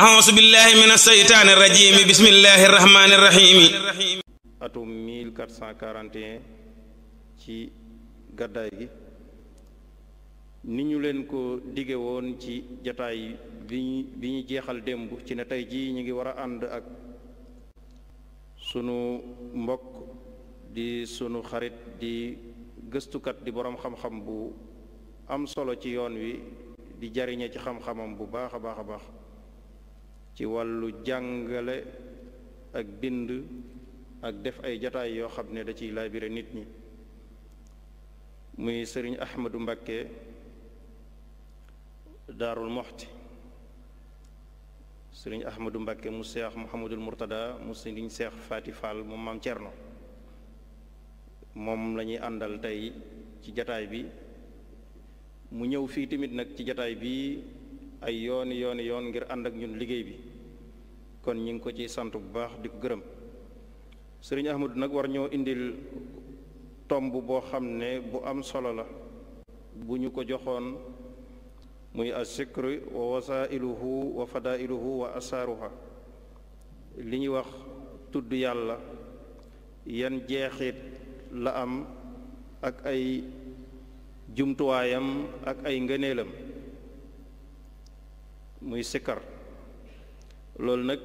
أعوذ بالله من الشيطان الرجيم بسم الله الرحمن الرحيم atum 1441 ci gàddaay gi ni ñu leen ko dige woon ci jataay bi bi ñu jeexal démb ci na tey jii ñu ngi war a ànd ak sunu mbokk di sunu xarit di gëstukat di boroom xam-xam bu am solo ci yoon wi di jariñe ci xam-xamam bu baax a baax a baax ci wàllu jàngale ak bind ak def ay jataay yoo xam ne da ciy laabire nit ñi muy sëriñ ahmadu mbakke daarul moxti sëriñ ahmadu mbakke mu seex muhammadul murtada mu sëriñ seex faati faal mu maam cerno moom lañuy àndal tey ci jataay bi mu ñëw fii tamit nag ci jataay bi ay yooni yooni yoon ngir ànd ak ñun liggéey bi kon ñi ngi ko ci sant bu baax di ko gërëm sëriñ ahmadu nag war ñoo indil tomb boo xam ne bu am solo la bu ñu ko joxoon muy asikru wa wasailuhu wa fadailuhu wa asaaruha li ñuy wax tudd yàlla yan jeexit la am ak ay jumtuwaayam ak ay ngëneelam muy sikkar loolu nag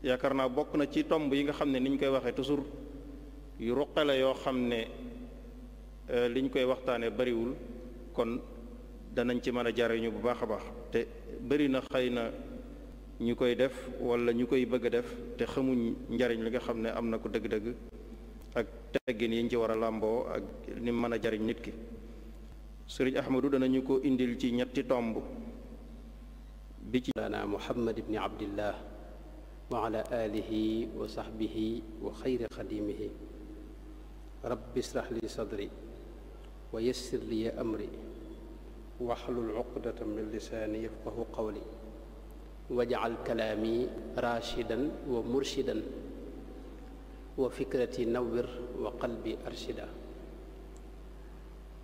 yaakaar naa bokk na ci tomb yi nga xam ne ni ñu koy waxee toujours yu ruqe yoo xam ne euh, li ñu koy waxtaanee bariwul kon danañ ci mën a jariñu bu baax a baax te bari na xëy na ñu koy def wala ñu koy bëgg def te xamuñ njariñ li nga xam ne am na ko dëgg-dëgg ak teggin yi ñu ci war a làmboo ak ni mën a jariñ nit ki sëriñ Ahmadu danañu ko indil ci ñetti tomb bi ci lana muhammad ibni abdillah wa ala alihi wa sahbihi wa xayri xadimihi rabbi israh li sadri wa yassir li amri waxlul uqdata min lisaani yafqahu qawli wajcal kalaami raashidan wa murshidan wa fikrati nawwir wa qalbi arshida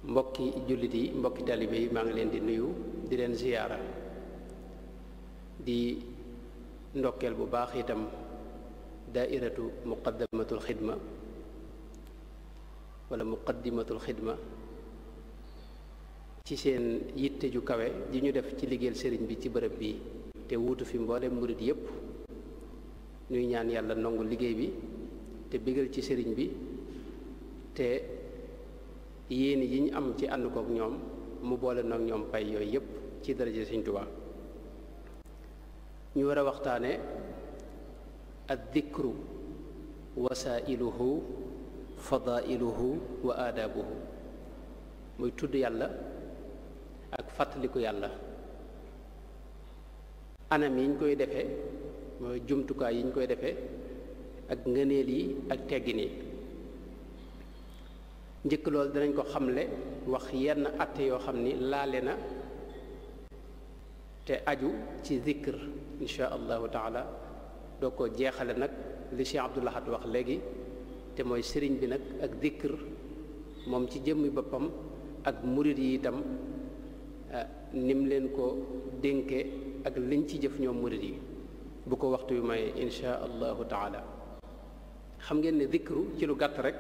mbokki jullit yi mbokki taalibe yi maa ngi leen di nuyu di leen ziyaara di ndokkeel bu baax itam daairatu muqaddamatul xidma wala muqaddimatul xidma ci seen yitte ju kawe ji ñu def ci liggéeyal sëriñ bi ci bërëb bi te wuutu fi mboolem murit yépp ñuy ñaan yàlla nangu liggéey bi te bégal ci sëriñ bi te yéen yi ñu am ci ànd kook ñoom mu boole nag ñoom pay yooyu yépp ci daraje Sëriñ Tuubaa ñu war a waxtaane addikru wasailuhu fadailuhu wa aadaabuhu muy tudd yàlla ak fàttaliku yàlla anam yi ñu koy defee mooy jumtukaay yi ñu koy defee ak ngëneel yi ak teggin yi njëkk loolu dinañ ko xamle wax yenn atte yoo xam ni laale na te aju ci zikr insha allahu taala doo ko jeexale nag li Cheikh Abdoul Ahad wax léegi te mooy sëriñ bi nag ak dikkir moom ci jëmmi boppam ak murit yi itam ah, nim leen ko dénke ak liñ ci jëf ñoom murit yi bu ko waxtu yu may insha allahu taala xam ngeen ne dikru ci lu gàtt rek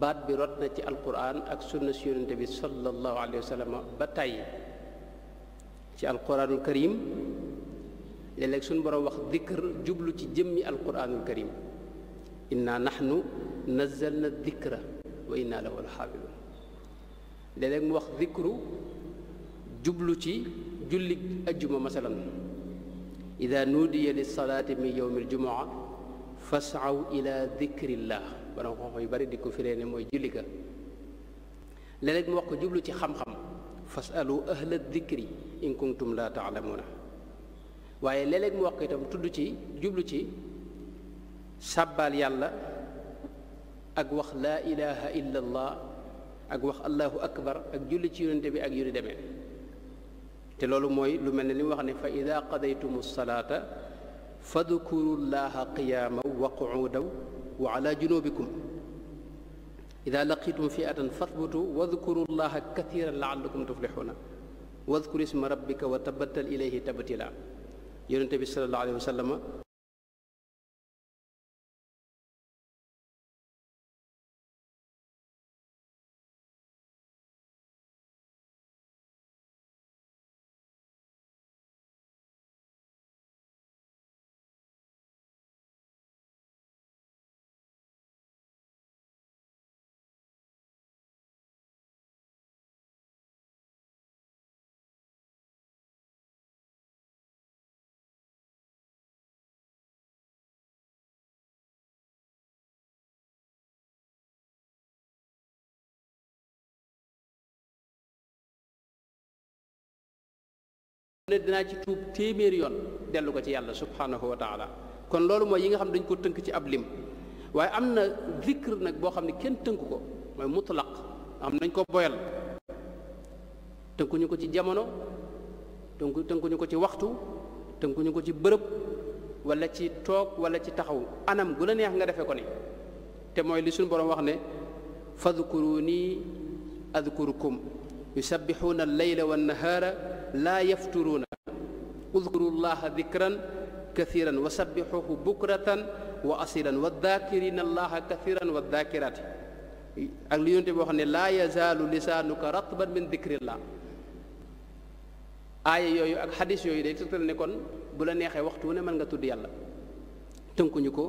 baat bi rot na ci alquran ak sunna si yonente bi sallallahu alayhi wa ba tàyyi ci alquranul karim léeg-léeg suñu wax dikr jublu ci jëmmi alquranul karim inna nahnu nazzalna dikra wa inna lahu alxaafidun léeg-léeg mu wax dikru jublu ci julli ajjuma masalan ida nuudiya lissalaati min yowmi aljumua fasaw ila dikrillah borom xam-xam yu bari di ko firee mooy julli ga léeg mu wax ko jublu ci xam-xam fasalu ahla dikri in kuntum la taalamuuna waaye léeg-léeg mu wax ko itam tudd ci jublu ci sàbbaal yàlla ak wax la ilaha illa ak wax allahu akbar ak julli ci yonente bi ak yu ni te loolu mooy lu mel ni li wax ne fa ida qadaytumu salaata fadkuru llaha qiyaama wa quudaw wa ala junubikum ida laqitum fiatan fathbutu wadkuru llaha kathiran laallakum tuflixuuna wadkur isma rabbika wa tabattal ilayhi tabatila yonente bi sallallahu alayhi wa sallam ne dinaa ci tuub téeméeri yoon dellu ko ci yàlla subhanahu wa taala kon loolu mooy yi nga xam dañ ko tënk ci ab lim waaye am na zikr nag boo xam ne kenn tënku ko mooy mutlaq am nañ koo boyal tënkuñu ko ci jamono tënku tënkuñu ko ci waxtu tënkuñu ko ci bërëb wala ci toog wala ci taxaw anam gu la neex nga defe ko ni te mooy li suñu boroom wax ne fadkuruni adkurukum yusabbixuuna al-layla wan-nahaara laa yafturuuna udkuru llaha dikran kathiran wa sabbixuhu bukratan wa asilan wa daakirina allaha kathiran wa daakirati ak li yonte boo xam ne laa yazaalu lisaanuka ratban min dikrillah aaya yooyu ak xadis yooyu day tëgtal ne kon bu la neexee waxtu wu ne mën nga tudd yàlla tënkuñu ko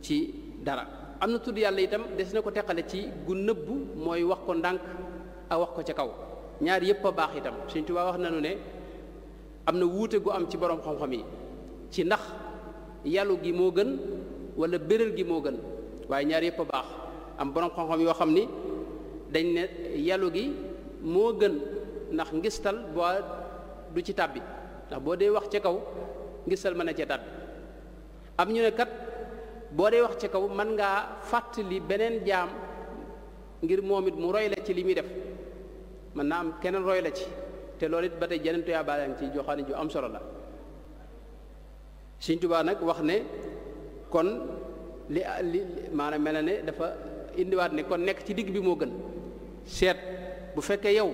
ci dara am na tudd yàlla itam des na ko teqale ci gu nëbbu mooy wax ko ndànk ak wax ko ca kaw ñaar yëpp a baax itam Sëñ Tuubaa wax nañu ne am na wuute gu am ci borom xam-xam yi ci ndax yalu gi moo gën wala bérél gi moo gën waaye ñaar yëpp a baax am borom xam-xam yoo xam ni dañ ne yalu gi moo gën ndax ngistal boo du ci tàbbi ndax boo dee wax ca kaw ngistal mën na cee tàbbi am ñu ne kat boo dee wax ca kaw mën ngaa fàttali beneen jaam ngir moom it mu roy la ci li muy def mën naa am keneen roy la ci te loolu it ba te jeneen tuyaa baalaam ci joxaani ju am solo la Sëñ Tuubaa nag wax ne kon li li maanaam mel na ne dafa indiwaat ne kon nekk ci digg bi moo gën seet bu fekkee yow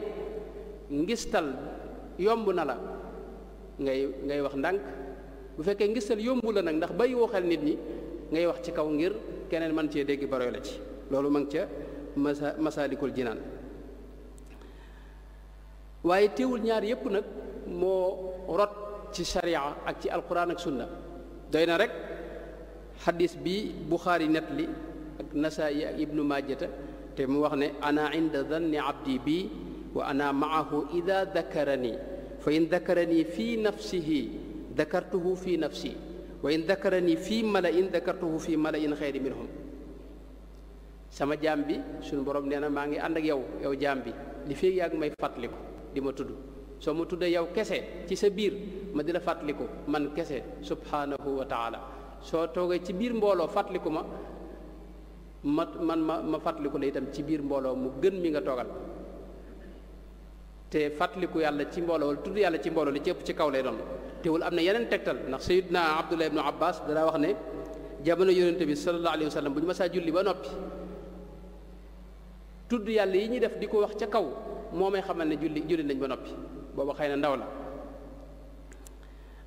ngistal yomb na la ngay ngay wax ndànk bu fekkee ngistal yombu la nag ndax bàyyi woo xel nit ñi ngay wax ci kaw ngir keneen man cee dégg baroy la ci loolu ma ngi ca masa masaalikul jinaan waaye teewul ñaar yépp nag moo rot ci sharia ak ci alquran ak sunna doy na rek xadis bi buxaari net li ak nasaayi ak ibnu majjata te mu wax ne ana inda danni abdi bi wa ana maahu ida dakarani fa in dakarani fi nafsihi dakartuhu fi nafsi wa in dakarani fi malain dakartuhu fi malain xayri minhum sama jaam bi suñu borom nee na maa ngi ànd ak yow yow jaam bi li fii yàgg may fàttaliku di ma tudd soo ma tuddee yow kese ci sa biir ma di la fàttaliku man kese subhanahu wa taala soo toogee ci biir mbooloo fàttaliku ma ma man ma ma fàttaliku la itam ci biir mbooloo mu gën mi nga toogal te fàttaliku yàlla ci mbooloo wala tudd yàlla ci mbooloo li ci ci kaw lay doon teewul am na yeneen tegtal ndax sayidna abdullah ibnu abbas danaa wax ne jamono yonent bi sallallahu alayhi wa sallam bu ñu masaa julli ba noppi tudd yàlla yi ñuy def di ko wax ca kaw moo may xamal ne julli julli nañ ba noppi booba xëy na ndaw la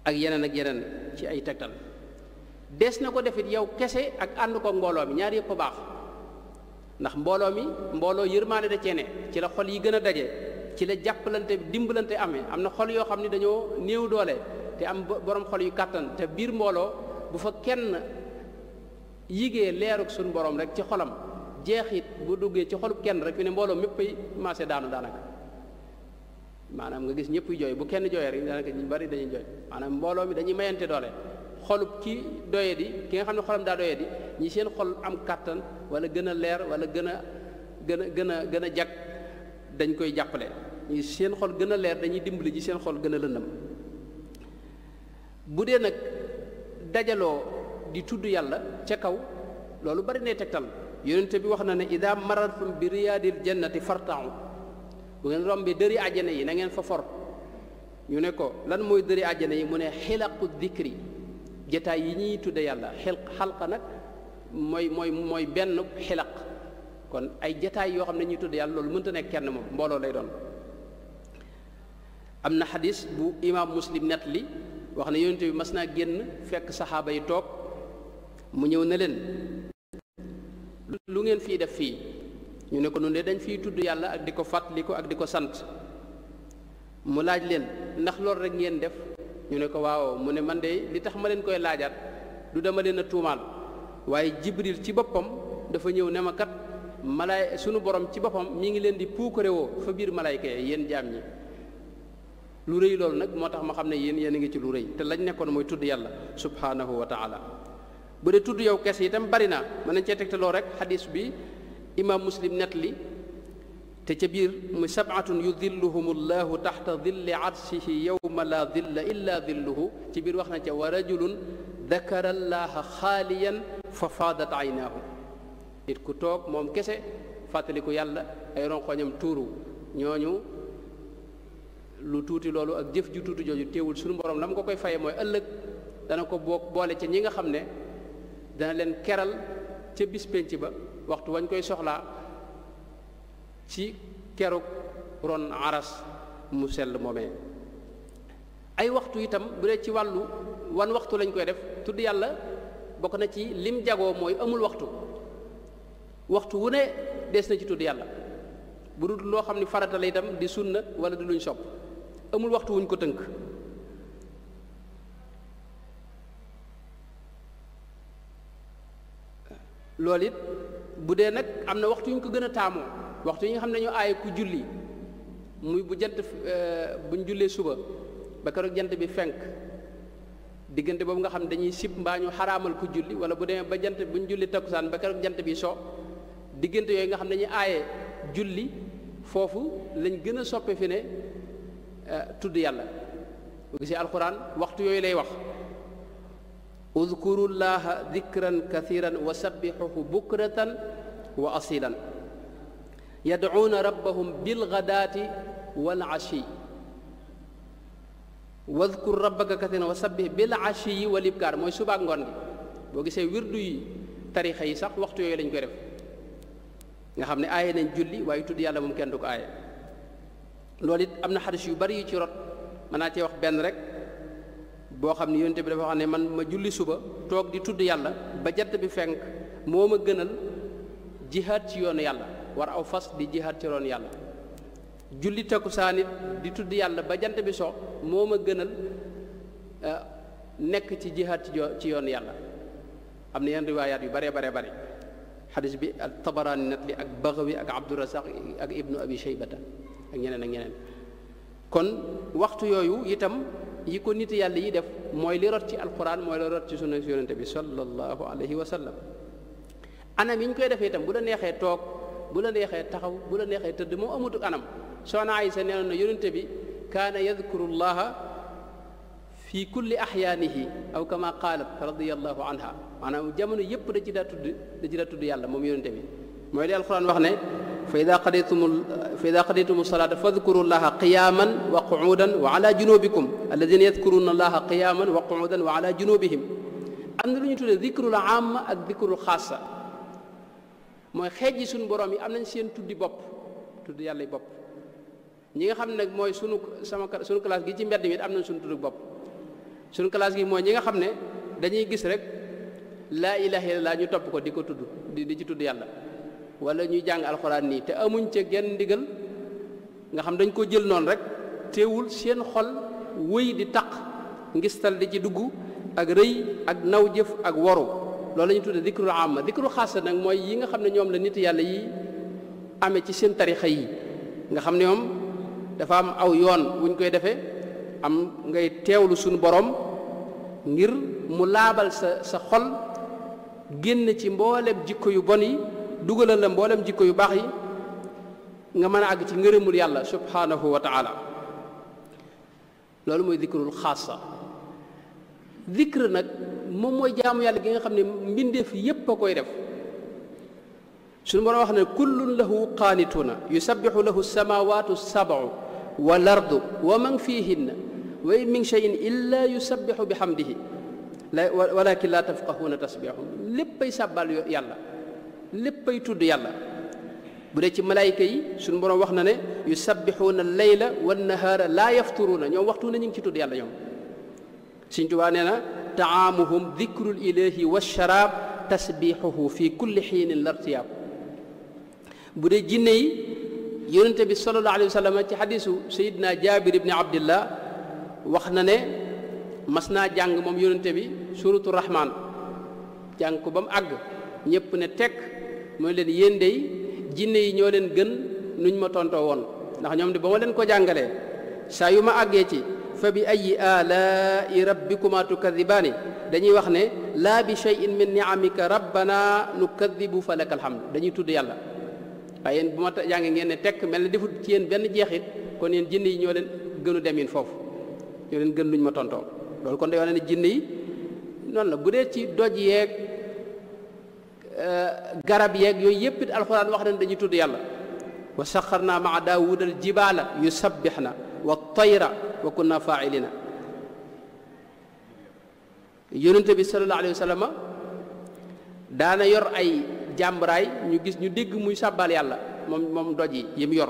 ak yeneen ak yeneen ci ay tegtal des na ko defit yow kese ak ànd ko mbooloo mi ñaar yëpp baax ndax mbooloo mi mbooloo yërmaane da cee ne ci la xol yi gën a daje ci la jàppalante dimbalante amee am na xol yoo xam ni dañoo néew doole te am borom xol yu kàttan te biir mbooloo bu fa kenn yigee leeruk suñu borom rek ci xolam jeexit bu duggee ci xolub kenn rek fi ne mbooloo méppay maase daanu daanaka maanaam nga gis ñëpp jooy bu kenn jooyee rek daanaka ñu bari dañuy jooy maanaam mbooloo mi dañuy mayante doole xolub ci doye di ki nga xam ne xolam daa doye di ñi seen xol am kàttan wala gën a leer wala gën a gën a gën a gën a jag dañ koy jàppale ñi seen xol gën a leer dañuy dimbali ji seen xol gën a lëndëm bu dee nag dajaloo di tudd yàlla ca kaw loolu bari ne tegtal yoonte bi wax na ne ida marartum bi riyaadil jannati fartau bu ngeen rombee dëri àjjana yi nangeen ngeen fa ñu ne ko lan mooy dëri àjjana yi mu ne xilaqu dikri jataay yi ñuy tudde yàlla xel xalqa nag mooy mooy benn xilaq kon ay jataay yoo xam ne ñuy tudde yàlla loolu mënta nekk kenn moom mbooloo lay doon am na xadis bu imaam muslim net li wax ne yoonte bi mas naa génn fekk saxaaba yi toog mu ñëw na leen lu ngeen fii def fii ñu ne ko nun de dañ fiy tudd yàlla ak di ko fàttali ko ak di ko sant mu laaj leen ndax loolu rek ngeen def ñu ne ko waaw mu ne man de li tax ma leen koy laajaat du dama leen a tuumaal waaye jibril ci boppam dafa ñëw ne ma kat malaay sunu borom ci boppam mi ngi leen di puukarewoo fa biir malayka yi yéen jaam ñi lu rëy loolu nag moo tax ma xam ne yéen yéen a ngi ci lu rëy te lañ nekkoon mooy tudd yàlla subhanahu wa taala bu dee tudd yow kese itam bari na mën nañ cee tegtaloo rek xadis bi imaam muslim net li te ca biir mu sabatun yudilluhum allahu taxta dilli arshihi yowma laa dilla illa dilluhu ci biir wax na ca wa rajulun dakara allaha xaaliyan fa faadat aynaahu ku toog moom kese fàttaliku yàlla ay ronkoñam tuuru ñooñu lu tuuti loolu ak jëf ju tuuti jooju teewul sunu borom la mu ko koy faye mooy ëllëg dana ko boog boole ca ñi nga xam ne dana leen keral ca bis pénc ba waxtu wañ koy soxlaa ci kerug ron aras mu sell moomee ay waxtu itam bu dee ci wàllu wan waxtu lañ koy def tudd yàlla bokk na ci lim jagoo mooy amul waxtu waxtu wu ne des na ci tudd yàlla bu dul loo xam ne farata la itam di sunna wala di luñ sopp amul waxtu wuñ ko tënk loolu it bu dee nag am na waxtu yu ñu ko gën a taamu waxtu yi nga xam ne dañoo aaye ku julli muy bu jant euh, buñ jullee suba ba keroog jant bi fenk diggante boobu nga xam ne dañuy sib mbaa ñu xaraamal ku julli wala bu demee ba jant buñ julli takkusaan ba keroog jant bi so diggante yooyu nga xam ne dañuy aaye julli foofu lañ gën a soppe fi ne euh, tudd yàlla bu gisee alxuraan waxtu yooyu lay wax udkuru llaha dikran wa sabbixuhu bukratan wa asilan yadcuuna rabbahum bilgadaati walashi wadkur rabbaka kathiran wa sabbih bilashi wal ibkaar mooy subaak ngoon gi boo gisee wirdu yi tarixa yi sax waxtu yooyu lañ koy def nga xam ne aaye nañ julli waaye tudd yàlla moom kenn du aaye loolu it am na xadis yu bari yu ci rot mën wax benn rek boo xam ne yonte bi dafa wax ne man ma julli suba toog di tudd yàlla ba jant bi fenk moo ma gënal jihaat ci yoon yàlla war aw fas di jihaat ci yoonu yàlla julli takkusaan it di tudd yàlla ba jant bi so moo ma gënal euh, nekk ci jihaat ci yoon yàlla am na yenn riwaayaat yu bare bare bare xadis bi ak tabaraani nat ak baxawi ak abdurazaq ak ibnu abi shaybata ak ñeneen ak ñeneen kon waxtu yooyu itam yi ko nit yàlla yi def mooy li rot ci alquran mooy li rot ci sunna yonente bi sallallahu alayhi wa sallam anam yi ñu koy defee tam bu la neexee toog bu la neexee taxaw bu la neexee tëdd moo amatul anam soxna Aysa nee na yonente bi kaana yadkuru llaha fi kulli axyaanihi aw kama qaalat radiallahu anha maanaam jamono yëpp da ci daa tudd da ci daa tudd yàlla moom yonente bi mooy li alquran wax ne fa ida qadaytum fa ida qadaytum salaata fadkuru llaha qiyaaman wa quudan wa ala junubikum alladina yadkuruna allaha qiyaaman wa quudan wa ala junubihim am na lu ñu tuddee dikrul amma ak dikrul xaasa mooy xeej yi suñu borom yi am nañ seen tuddi bopp tudd yàlla bopp ñi nga xam ne nag mooy sunu sama sunu classe gi ci mbedd mi am nañ sunu tuddi bopp sunu classe gi mooy ñi nga xam ne dañuy gis rek laa ilaha illallah ñu topp ko di ko tudd di ci tudd yàlla wala ñuy jàng alxuraan nii te amuñ ca genn ndigal nga xam dañ ko jël noonu rek teewul seen xol wëy di taq ngistal di ci dugg ak rëy ak naw jëf ak waru loolu la ñu tudde dikrul amma dikru xaasa nag mooy yi nga xam ne ñoom la nit yàlla yi amee ci seen tarixa yi nga xam ne ñoom dafa am aw yoon wuñ koy defee am ngay teewlu suñu boroom ngir mu laabal sa sa xol génn ci mboolem jikko yu bon yi dugalal la mboolem jikko yu baax yi nga mën a àgg ci ngërëmul yàlla subhanahu wa taala loolu mooy dikrul xaasa dikr nag moom mooy jaamu yàlla gi nga xam ne mbindeef yépp a koy def suñu borom wax ne kullun lahu qaanituuna yusabixu lahu samawatu sabu wal wa man fihinna wa in min cheyin illa yusabixu bi xamdihi walakin la tafqahuuna tasbixum léppay sàbbal yàlla léppay tudd yàlla bu dee ci malaayika yi suñu borom wax na ne yusabbixuuna layla wannahaara laa yafturuuna ñoom waxtu na ñu ngi ci tudd yàlla ñoom Sëñ Tuubaa nee na taamuhum dikrul ilahi washaraab tasbiixuhu fi kulli xiinin lartiyaab bu dee jinne yi yonente bi sallallahu alayhi wa sallam ci xadisu sayidna jaabir ibni abdillah wax na ne mas naa jàng moom yonente bi suratu rahman jàng ko ba mu àgg ñépp ne tekk mooy leen yéen dey jinne yi ñoo leen gën nuñ ma tontoo woon ndax ñoom de ba ma leen ko jàngalee saa yu ma àggee ci fa bi ayi alai rabbikuma tukadibaani dañuy wax ne laa bi cheyin min niamika rabbana nukadibu fa laka alhamdu dañuy tudd yàlla waaye yéen bu ma jàngee ngeen ne tekk mel ne defut ci yéen benn jeexit kon yeen jinne yi ñoo leen gënu demin foofu ñoo leen gën nuñ ma tontoo loolu kon day wane ne jinne yi noonu la bu dee ci doj yeeg Euh, garab yeeg yooyu yëpp it alxuraan wax nañ dañuy tudd yàlla wa saxarna maa daawuda al jibaala yusabbixna wa tayra wa kunna faailina yónente bi sallallahu alayhi wa daana yor ay jàmbaraay ñu gis ñu dégg muy sàbbal yàlla moom moom doj yi yi yor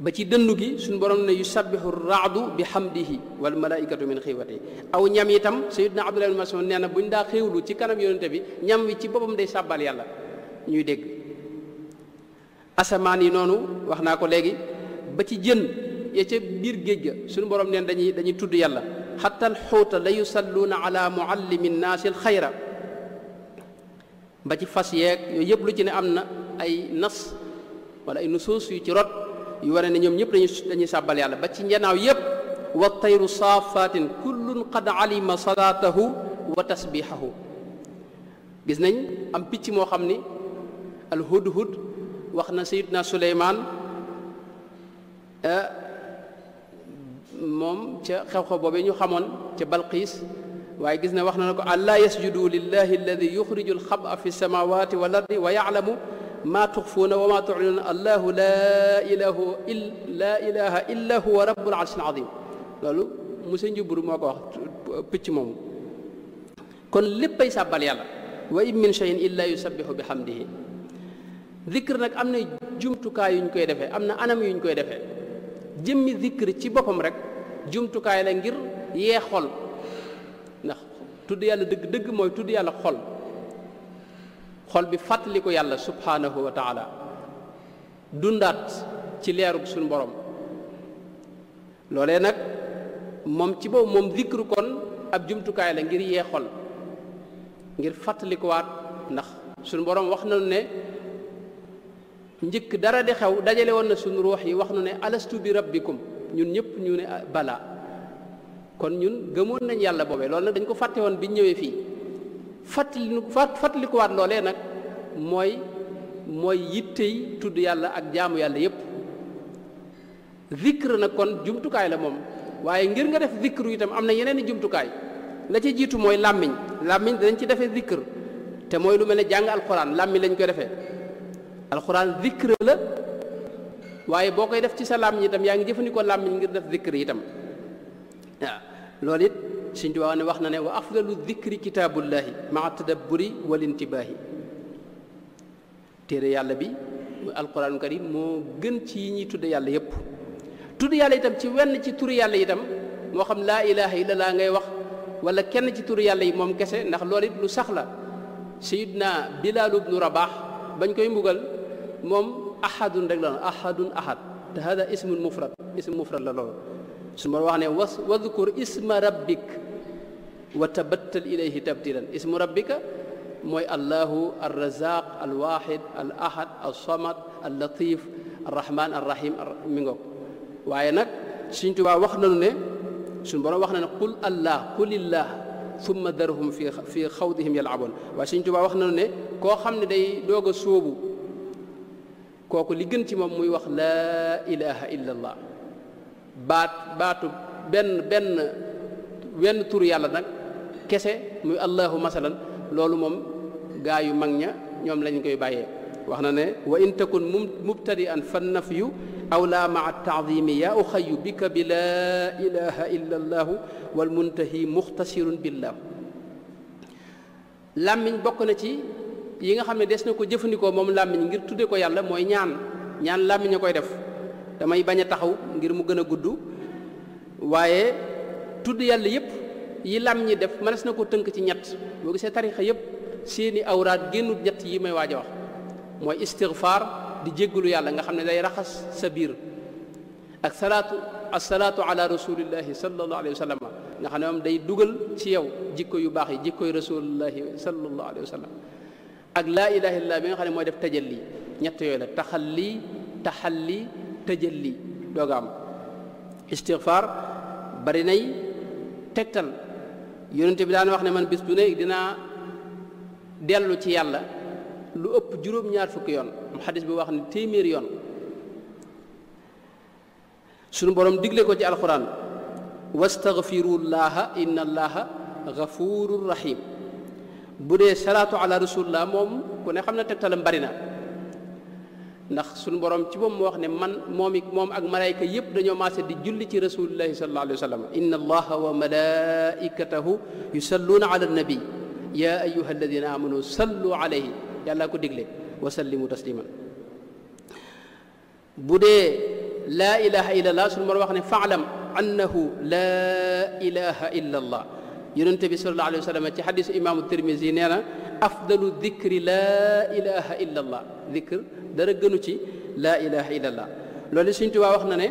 ba ci dëndu gi suñu borom ne yusabbihu raadu bi hamdihi wal malaikatu min xiiwati aw ñam itam sayidna abdullah ibn mas'ud nee na bu ñu daa xéewlu ci kanam yonente bi ñam wi ci boppam day sàbbal yàlla ñuy dégg asamaan yi noonu wax naa ko léegi ba ci jën biir géej ga suñu borom neen dañuy dañuy tudd yàlla xatta alxuuta la yusalluuna ala muallimi nnaasi alxayra ci fas yeeg yëpp lu ci ne am na ay nas wala ay nusuus yu ci rot yu ware ne ñoom ñëpp dañuy dañuy sàbbal yàlla ba ci njanaaw yëpp wa tayru saafatin kullun qad alima salaatahu wa tasbihahu nañ am moo xam ni al hudhud wax na sayidna suleymaan eh, moom ca xew-xew boobee ñu xamoon ca balqiis waaye gis na wax na ne ko allaa yasjudu lillahi alladi yuxriju alxaba fi samawati wal ardi wa yaalamu maa tuxfuuna wa maa tulinuuna allahu laa ilaaha il laa ilaha illa huwa rabbul arshil azim loolu monsieur Ndioubourou moo ko wax picc moomu kon léppay sàbbal yàlla wa in min cheyin illaa yusabbihu bi hamdihi zikr nag am na jumtukaay yuñ koy defee am na anam yu ñu koy defee jëmmi zikr ci boppam rek jumtukaay la ngir yee xol ndax tudd yàlla dëgg dëgg mooy tudd yàlla xol xol bi ko yàlla subhaanahu wa taala dundaat ci leerug suñ borom loolee nag moom ci boobu moom zikru kon ab jumtukaay la ngir yee xol ngir waat ndax suñ borom wax nañu ne njëkk dara di xew dajale woon na suñu ruux yi wax nu ne alastu bi rabbikum ñun ñëpp ñu ne bala kon ñun gëmoon nañ yàlla boobee lool nag dañ ko fàtte woon biñ ñëwee fii fàttali fàttalikuwaat loolee nag mooy mooy yittey tudd yàlla ak jaamu yàlla yépp zikr nag kon jumtukaay la moom waaye ngir nga def zikr yu itam am na yeneen i jumtukaay la ci jiitu mooy làmmiñ làmmiñ danañ ci defe zikr te mooy lu mel ne jàng alxuraan làmmi lañ koy defee alxuraan zikr la waaye boo koy def ci sa làmmiñ itam yaa ngi jëfandikoo làmmiñ ngir def zikr itam waaw loolu it sëñ Tuubaa ne wax na ne wa afdalu dikri kitaabullahi maa tadabburi wal intibaahi téere yàlla bi alquraanu karim moo gën ci yi ñuy tudde yàlla yépp tudd yàlla yitam ci wenn ci turu yàlla itam moo xam laa ilaha illa laa ngay wax wala kenn ci turu yàlla yi moom kese ndax lool it lu sax la sayidna Bilaal ibnu Rabaax bañ koy mbugal moom ahadun rek la ahadun ahad te hada ismun mufrad ismu mufrad la loolu su ma wax ne was wadkur rabbik wa tabattal ilayhi tabtilan ismu rabbika mooy allahu arrazaq alwahid al ahad al samad al latif waaye nag suñ tubaa wax nanu ne suñ wax na ne qul allah qulillah thumma darhum fi fi xawdihim yalaboon waaye suñ tubaa wax nanu ne koo xam ne day doog a sóobu kooku li gën ci moom muy wax laa ilaha illa allah baat baatu benn benn wenn tur yàlla nag kese muy allahu masalan loolu moom gaa yu mag ña ñoom lañ koy bàyyee wax na ne wa in takun mum fa nafyu aw laa ma taadimi yaa uxayu bika bi laa ilaha illa allaahu wal muntahi muxtasirun billah làmmiñ bokk na ci yi nga xam ne des na ko jëfandikoo moom làmmiñ ngir tudde ko yàlla mooy ñaan ñaan làmmiñ a koy def damay bañ a taxaw ngir mu gën a gudd waaye tudd yàlla yëpp yi lam ñi def mënees na ko tënk ci ñett boo gisee tarixa yëpp seeni awraat génnut ñett yi may waaj a wax mooy istigfaar di jéggalu yàlla nga xam ne day raxas sa biir ak salaatu asalaatu ala rasulillahi sallallahu alayhi wa sallam nga xam ne moom day dugal ci yow jikko yu baax yi jikkoy rasulillahi sallallahu alayhi wa ak laa ilaha bi nga xam ne mooy def li ñett yooyu la taxal li tajalli dooga am istixfaar bari nay tegtal yonente bi daan wax ne man bés bu nekk dinaa dellu ci yàlla lu ëpp juróom-ñaar fukki yoon mu xadis bi wax ne téeméer yoon sunu boroom digle ko ci alquran wastaghfirullaha inna allaha ghafurur rahim bu dee salaatu ala rasulillah moom ku ne xam ne tegtalam bari na ndax suñu borom ci moom moo wax ne man moom i moom ak malayka yëpp dañoo maase di julli ci rasulillahi sallallahu alayhi wa sallam inna allaha wa malaikatahu yusalluuna ala nabi ya ayuha alladina amanu sallu alayhi yàlla ko digle wa sallimu tasliman bu dee laa ilaha illa allah suñu borom wax ne faalam annahu laa ilaha illa allah yonente bi sallallahu alayhi wa sallam ci xadisu imaamu tirmisi nee na afdalu dikri laa ilaha illa allah dikr dara gënu ci laa ilaha illa allah loolu Sëriñ Tuubaa wax na ne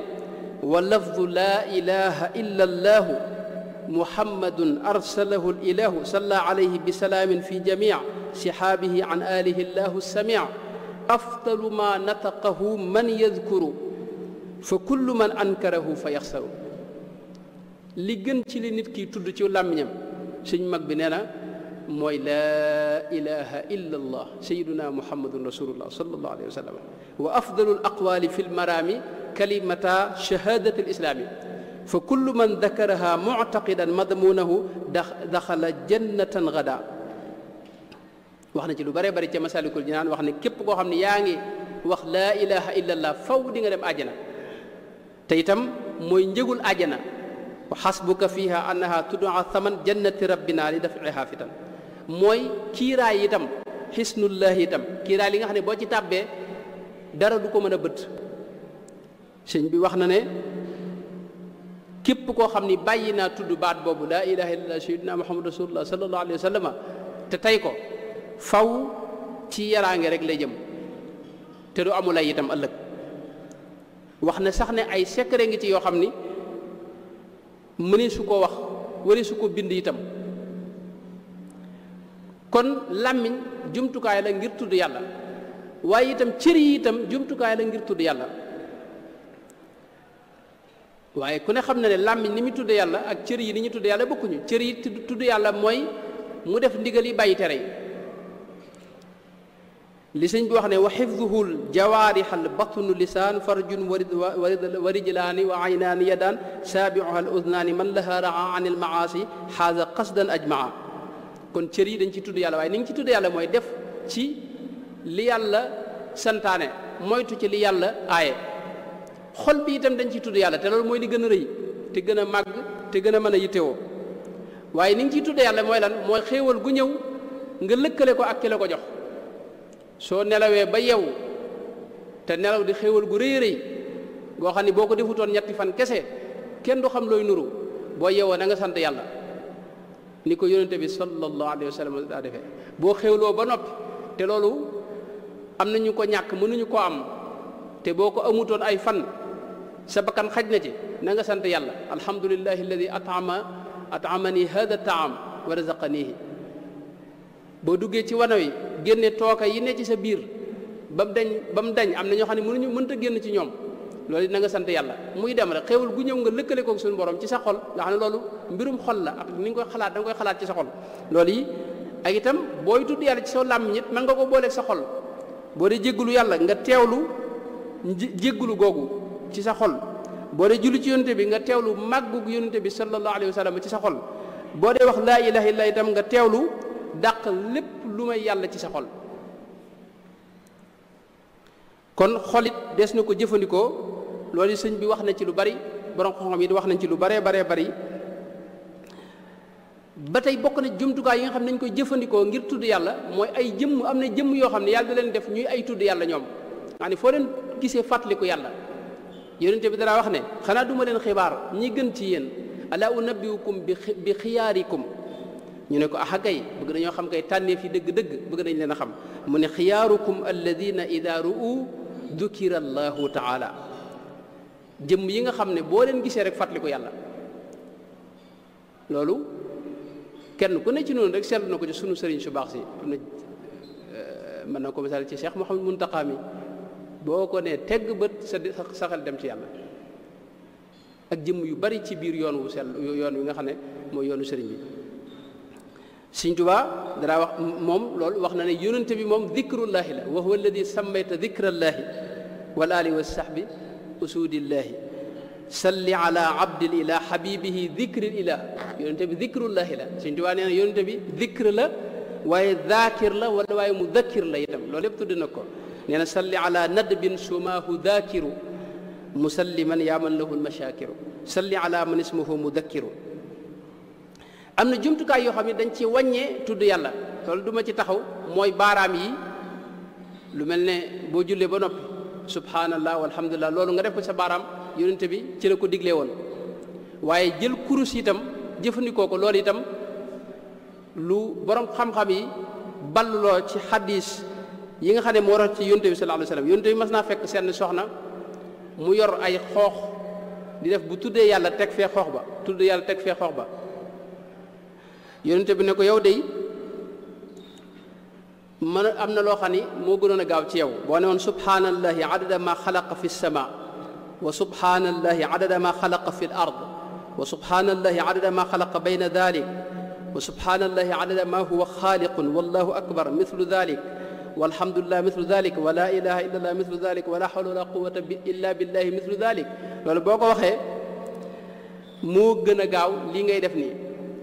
wa lafdu laa ilaha illa allahu muhammadun arsalahu l ilahu salla alayhi bi salaamin fi jamia sihaabihi an alihi allahu samia afdalu ma nataqahu man yadkuru fa kullu man ankarahu fa yaxsaru li gën ci li nit ki tudd ci làmmiñam sëñ mag bi nee na mooy laa ilaha illa allah sayiduna muhammadun rasulullah sallallahu alayhi wa sallam wa afdalu al aqwali fi lmaraami kalimata shahadati alislaami fa kullu man dakaraha muctaqidan madmuunahu daxala jannatan gada wax na ci lu bëree bëri ca masalikul jinaan wax ne képp koo xam ne yaa ngi wax laa ilaha illa allah faw di nga dem àjjana te itam mooy njëgul àjjana wa xasbuka fiha annaha tud'a thaman jannati rabbina li daf'iha fitan mooy kiiraay yitam xisnullahi itam kiiraay li nga xam ne boo ci tàbbee dara du ko mën a bët sëñ bi wax na ne képp koo xam ni bàyyi naa tudd baat boobu laa ilaha illallah sayyidina muhammad rasulullah sallallahu alayhi te tey ko faw ci yaraange rek lay jëm te du amul ay itam ëllëg wax na sax ne ay secret ngi ci yoo xam ni mënee su ko wax waree su ko bind itam kon làmmiñ jumtukaay la ngir tudd yàlla waaye itam cër yi itam jumtukaay la ngir tudd yàlla waaye ku ne xam na ne làmmiñ ni muy tudd yàlla ak cër yi ni ñu tudd yàlla bokkuñu cër yi tudd yàlla mooy mu def ndigal yi bàyyi tere li sëñ bi wax ne wa xifduhul jawaarixal batnu lisaan farjun wa rijlaani wa aynaani yadaan saabiuhal udnaani man laha raa an il maasi xaasa qasdan ajmaa kon cër yi dañ ci tudd yàlla waaye ni nga ci tudd yàlla mooy def ci li yàlla santaane moytu ci li yàlla aaye xol bi itam dañ ciy tudd yàlla te loolu mooy li gën a rëy te gën a màgg te gën a mën a yittewoo waaye ni nga ciy tudd yàlla mooy lan mooy xéewal gu ñëw nga lëkkale ko ak ki la ko jox soo nelawee ba yew te nelaw di xéewal gu rëy rëy goo xam ne boo ko defutoon ñetti fan kese kenn du xam looy nuru boo yewoo na nga sant yàlla ni ko yónnente bi sallallahu alayhi wa sallam daa defee boo xéewloo ba noppi te loolu am na ñu ko ñàkk mënuñu koo am te boo ko amutoon ay fan sa bakkan xaj na ci na nga sant yàlla alhamdulillahi alladi atama atamani hada taam wa razaqanihi boo duggee ci wano yi génne tooka yi ne ci sa biir ba mu dañ ba mu dañ am na ñoo xam ne mënuñu mënta génn ci ñoom loolu na nga sant yàlla muy dem rek xéewal gu ñëw nga lëkkale koog suñu boroom ci sa xol nga xam ne loolu mbirum xol la ak ni nga koy xalaat da koy xalaat ci sa xol loolu yi ak itam booy tudd yàlla ci sa làmmiñ it mën nga ko booleeg sa xol boo dee jéggulu yàlla nga teewlu jéggulu googu ci sa xol boo dee julli ci yonente bi nga teewlu màggu yonente bi sallallahu alayhi wa sallam ci sa xol boo dee wax laa ilaha nga teewlu dàq lépp lu may yàlla ci sa xol kon xolit des na ko jëfandikoo loolu sëñ bi wax na ci lu bari borom xam yi di wax nañ ci lu baree baree bari ba tey bokk na jumtukaay yi nga xam ne dañ koy jëfandikoo ngir tudd yàlla mooy ay jëmm am na jëmm yoo xam ne yàlla da leen def ñuy ay tudd yàlla ñoom nga foo leen gisee fàttaliku yàlla yonente bi dara wax ne xanaa duma leen xibaar ñi gën ci yéen ala unabbiukum bi bi xiyaarikum ñu ne ko ah kay bëgg dañoo xam kay tànneef yi dëgg-dëgg bëgg nañ leen a xam mu ne xiyaarukum alladina ida ruu dukira allahu taala jëm yi nga xam ne boo leen gisee rek fàttaliku yàlla loolu kenn ku ne ci noonu rek seetlu na ko ci sunu sëriñ su baax si na euh, mën ko misaal ci Cheikh Mouhamadou Mountakha mi boo ko nee tegg bët sa sa xel dem ci yàlla ak jëmm yu bari ci biir yoon wu sell yoon wi nga xam ne mooy yoonu sëriñ bi Sëñ Tuubaa danaa wax moom loolu wax na ne yonent bi moom dikrullaahi la wa huwa alladi sammayta dikrallaahi wal aali wa saxbi usuudillaahi salli ala abdil ilah xabibihi dikril ilah yonent bi dikrullaahi la Sëñ Tuubaa nee na la waaye daakir la wala waaye mu dakkir la itam loolu yëpp tudd na ko nee na salli ala nadbin sumaahu daakiru musalliman yaa man lahu lmashakiru salli ala man ismuhu mudakkiru am na jumtukaay yoo xam ne dañ ci wàññee tudd yàlla loolu duma ci taxaw mooy baaraam yi lu mel ne boo jullee ba noppi subhanallah walhamdulillah loolu nga def ko sa baaraam yonente bi ci la ko diglee woon waaye jël kurus itam jëfandikoo ko loolu itam lu borom xam-xam yi balluloo ci xadis yi nga xam ne moo rox ci yonente bi sallallahu alayhi wasallam yonente bi mas naa fekk seen soxna mu yor ay xoox di def bu tuddee yàlla teg fee xoox ba tudd yàlla teg fee xoox ba yonente bi ne ko yow dey man am na loo xam ni moo gënoon a gaaw ci yow boo ne woon subhaanallahi adada ma xalaqa fi sama wa subhaanallahi adada ma xalaqa fi l ard wa subhaanallahi adada ma xalaqa bayna dalik wa subhaanallahi adada ma huwa xaaliqun wallahu akbar mithlu dalik walhamdulilah mithlu dalik wa laa ilaha illa allah mithlu dalik wa laa hawla wa boo ko waxee moo gën a gaaw li ngay def ni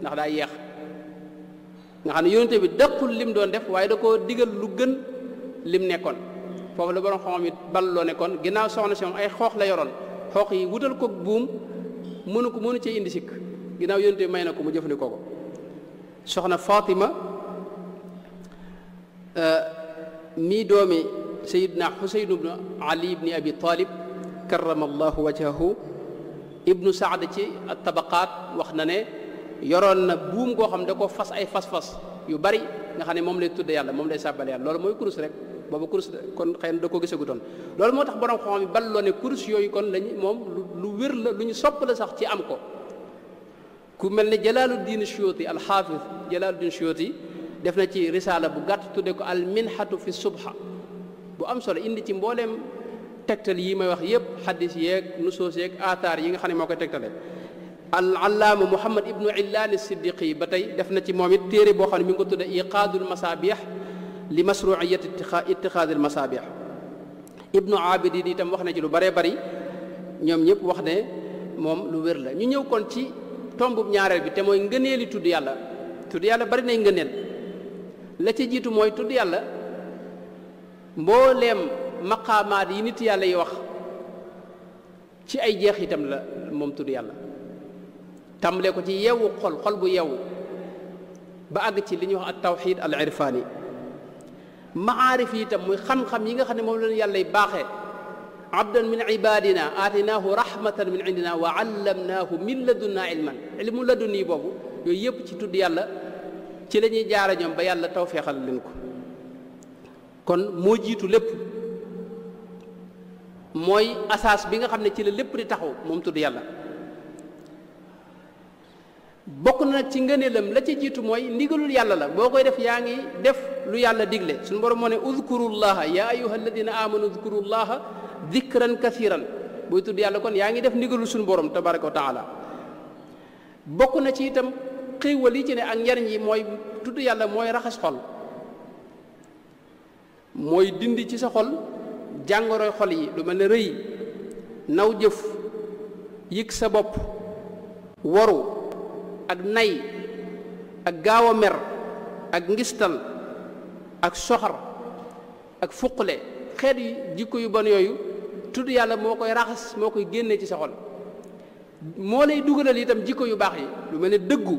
ndax daa yeex nga xam ne yonente bi daqul lim doon def waaye da koo digal lu gën lim nekkoon foofu la borom xam-xam it nekkoon ginnaaw soxna si moom ay xoox la yoroon xoox yi wutal ko buum mënu ko mënu cee indi sikk ginnaaw yonente bi may na ko mu jëfandikoo ko soxna Fatima euh, mii doomi sayidna xuseyn ibnu ali ibni abi talib karama allahu wajhahu ibnu saad ci tabaqaat wax na ne yoroon na buum goo xam da ko fas ay fas-fas yu bari nga xam ne moom lay tudde yàlla moom lay sàbbale yàlla loolu mooy kurus rek boobu kurus kon xëy na da ko gisagutoon loolu moo tax borom xam-xam yi ne kurus yooyu kon lañu moom lu wér la lu ñu sopp la sax ci am ko ku mel ne Jalaaluddin Suyuuti alxaafis Jalaaluddin Suyuuti def na ci risaala bu gàtt tudde ko al minhatu fi subha bu am solo indi ci mbooleem tegtal yi may wax yépp xaddis yeeg nusoos yeeg aataar yi nga xam ne moo koy tegtale al allaama muhammad ibnu illaani siddiqi ba tey def na ci moom it téere boo xam ne mu ngi ko tudde iqaadul masaabix li masruiyat itixaadil masaabix ibnu abidin itam wax na ci lu bëree bari ñoom ñëpp wax ne moom lu wér la ñu ñëw kon ci tombub ñaareel bi te mooy ngëneeli tudd yàlla tudd yàlla bari nay ngëneel la ci jiitu mooy tudd yàlla mbooleem maqaamaat yi nit yàlla yi wax ci ay jeex itam la moom tudd yàlla tàmbalee ko ci yeewu xol xol bu yeewu ba àgg ci li ñuy wax ak tawxid al irfaan yi maarif yi itam muy xam-xam yi nga xam ne moom lañu yàlla baaxee abdan min ibadina atinaahu rahmatan min indina wa allamnaahu min ladunna ilman ilmu ladunni boobu yooyu yëpp ci tudd yàlla ci la ñuy jaara ñoom ba yàlla tawféexal leen ko kon moo jiitu lépp mooy asaas bi nga xam ne ci la lépp di taxaw moom tudd yàlla bokk na nag ci ngëneelam la ci jiitu mooy ndigalul yàlla la boo koy def yaa ngi def lu yàlla digle suñu borom moo ne udkurullaha ya ayuha alladina amanu udkurullaha dikran kathiran booy tudd yàlla kon yaa ngi def ndigalul suñu borom tabaraka wa taala bokk na ci itam xéewal yi ci ne ak njariñ yi mooy tudd yàlla mooy raxas xol mooy dind ci sa xol jàngoroy xol yi lu mel ne rëy naw jëf yëg sa bopp waru ak nay ak gaaw a ak ngistal ak soxor ak fuqle xeet yi jikko yu bon yooyu tudd yàlla moo koy raxas moo koy génne ci sa xol moo lay dugalal itam jikko yu baax yi lu mel ne dëggu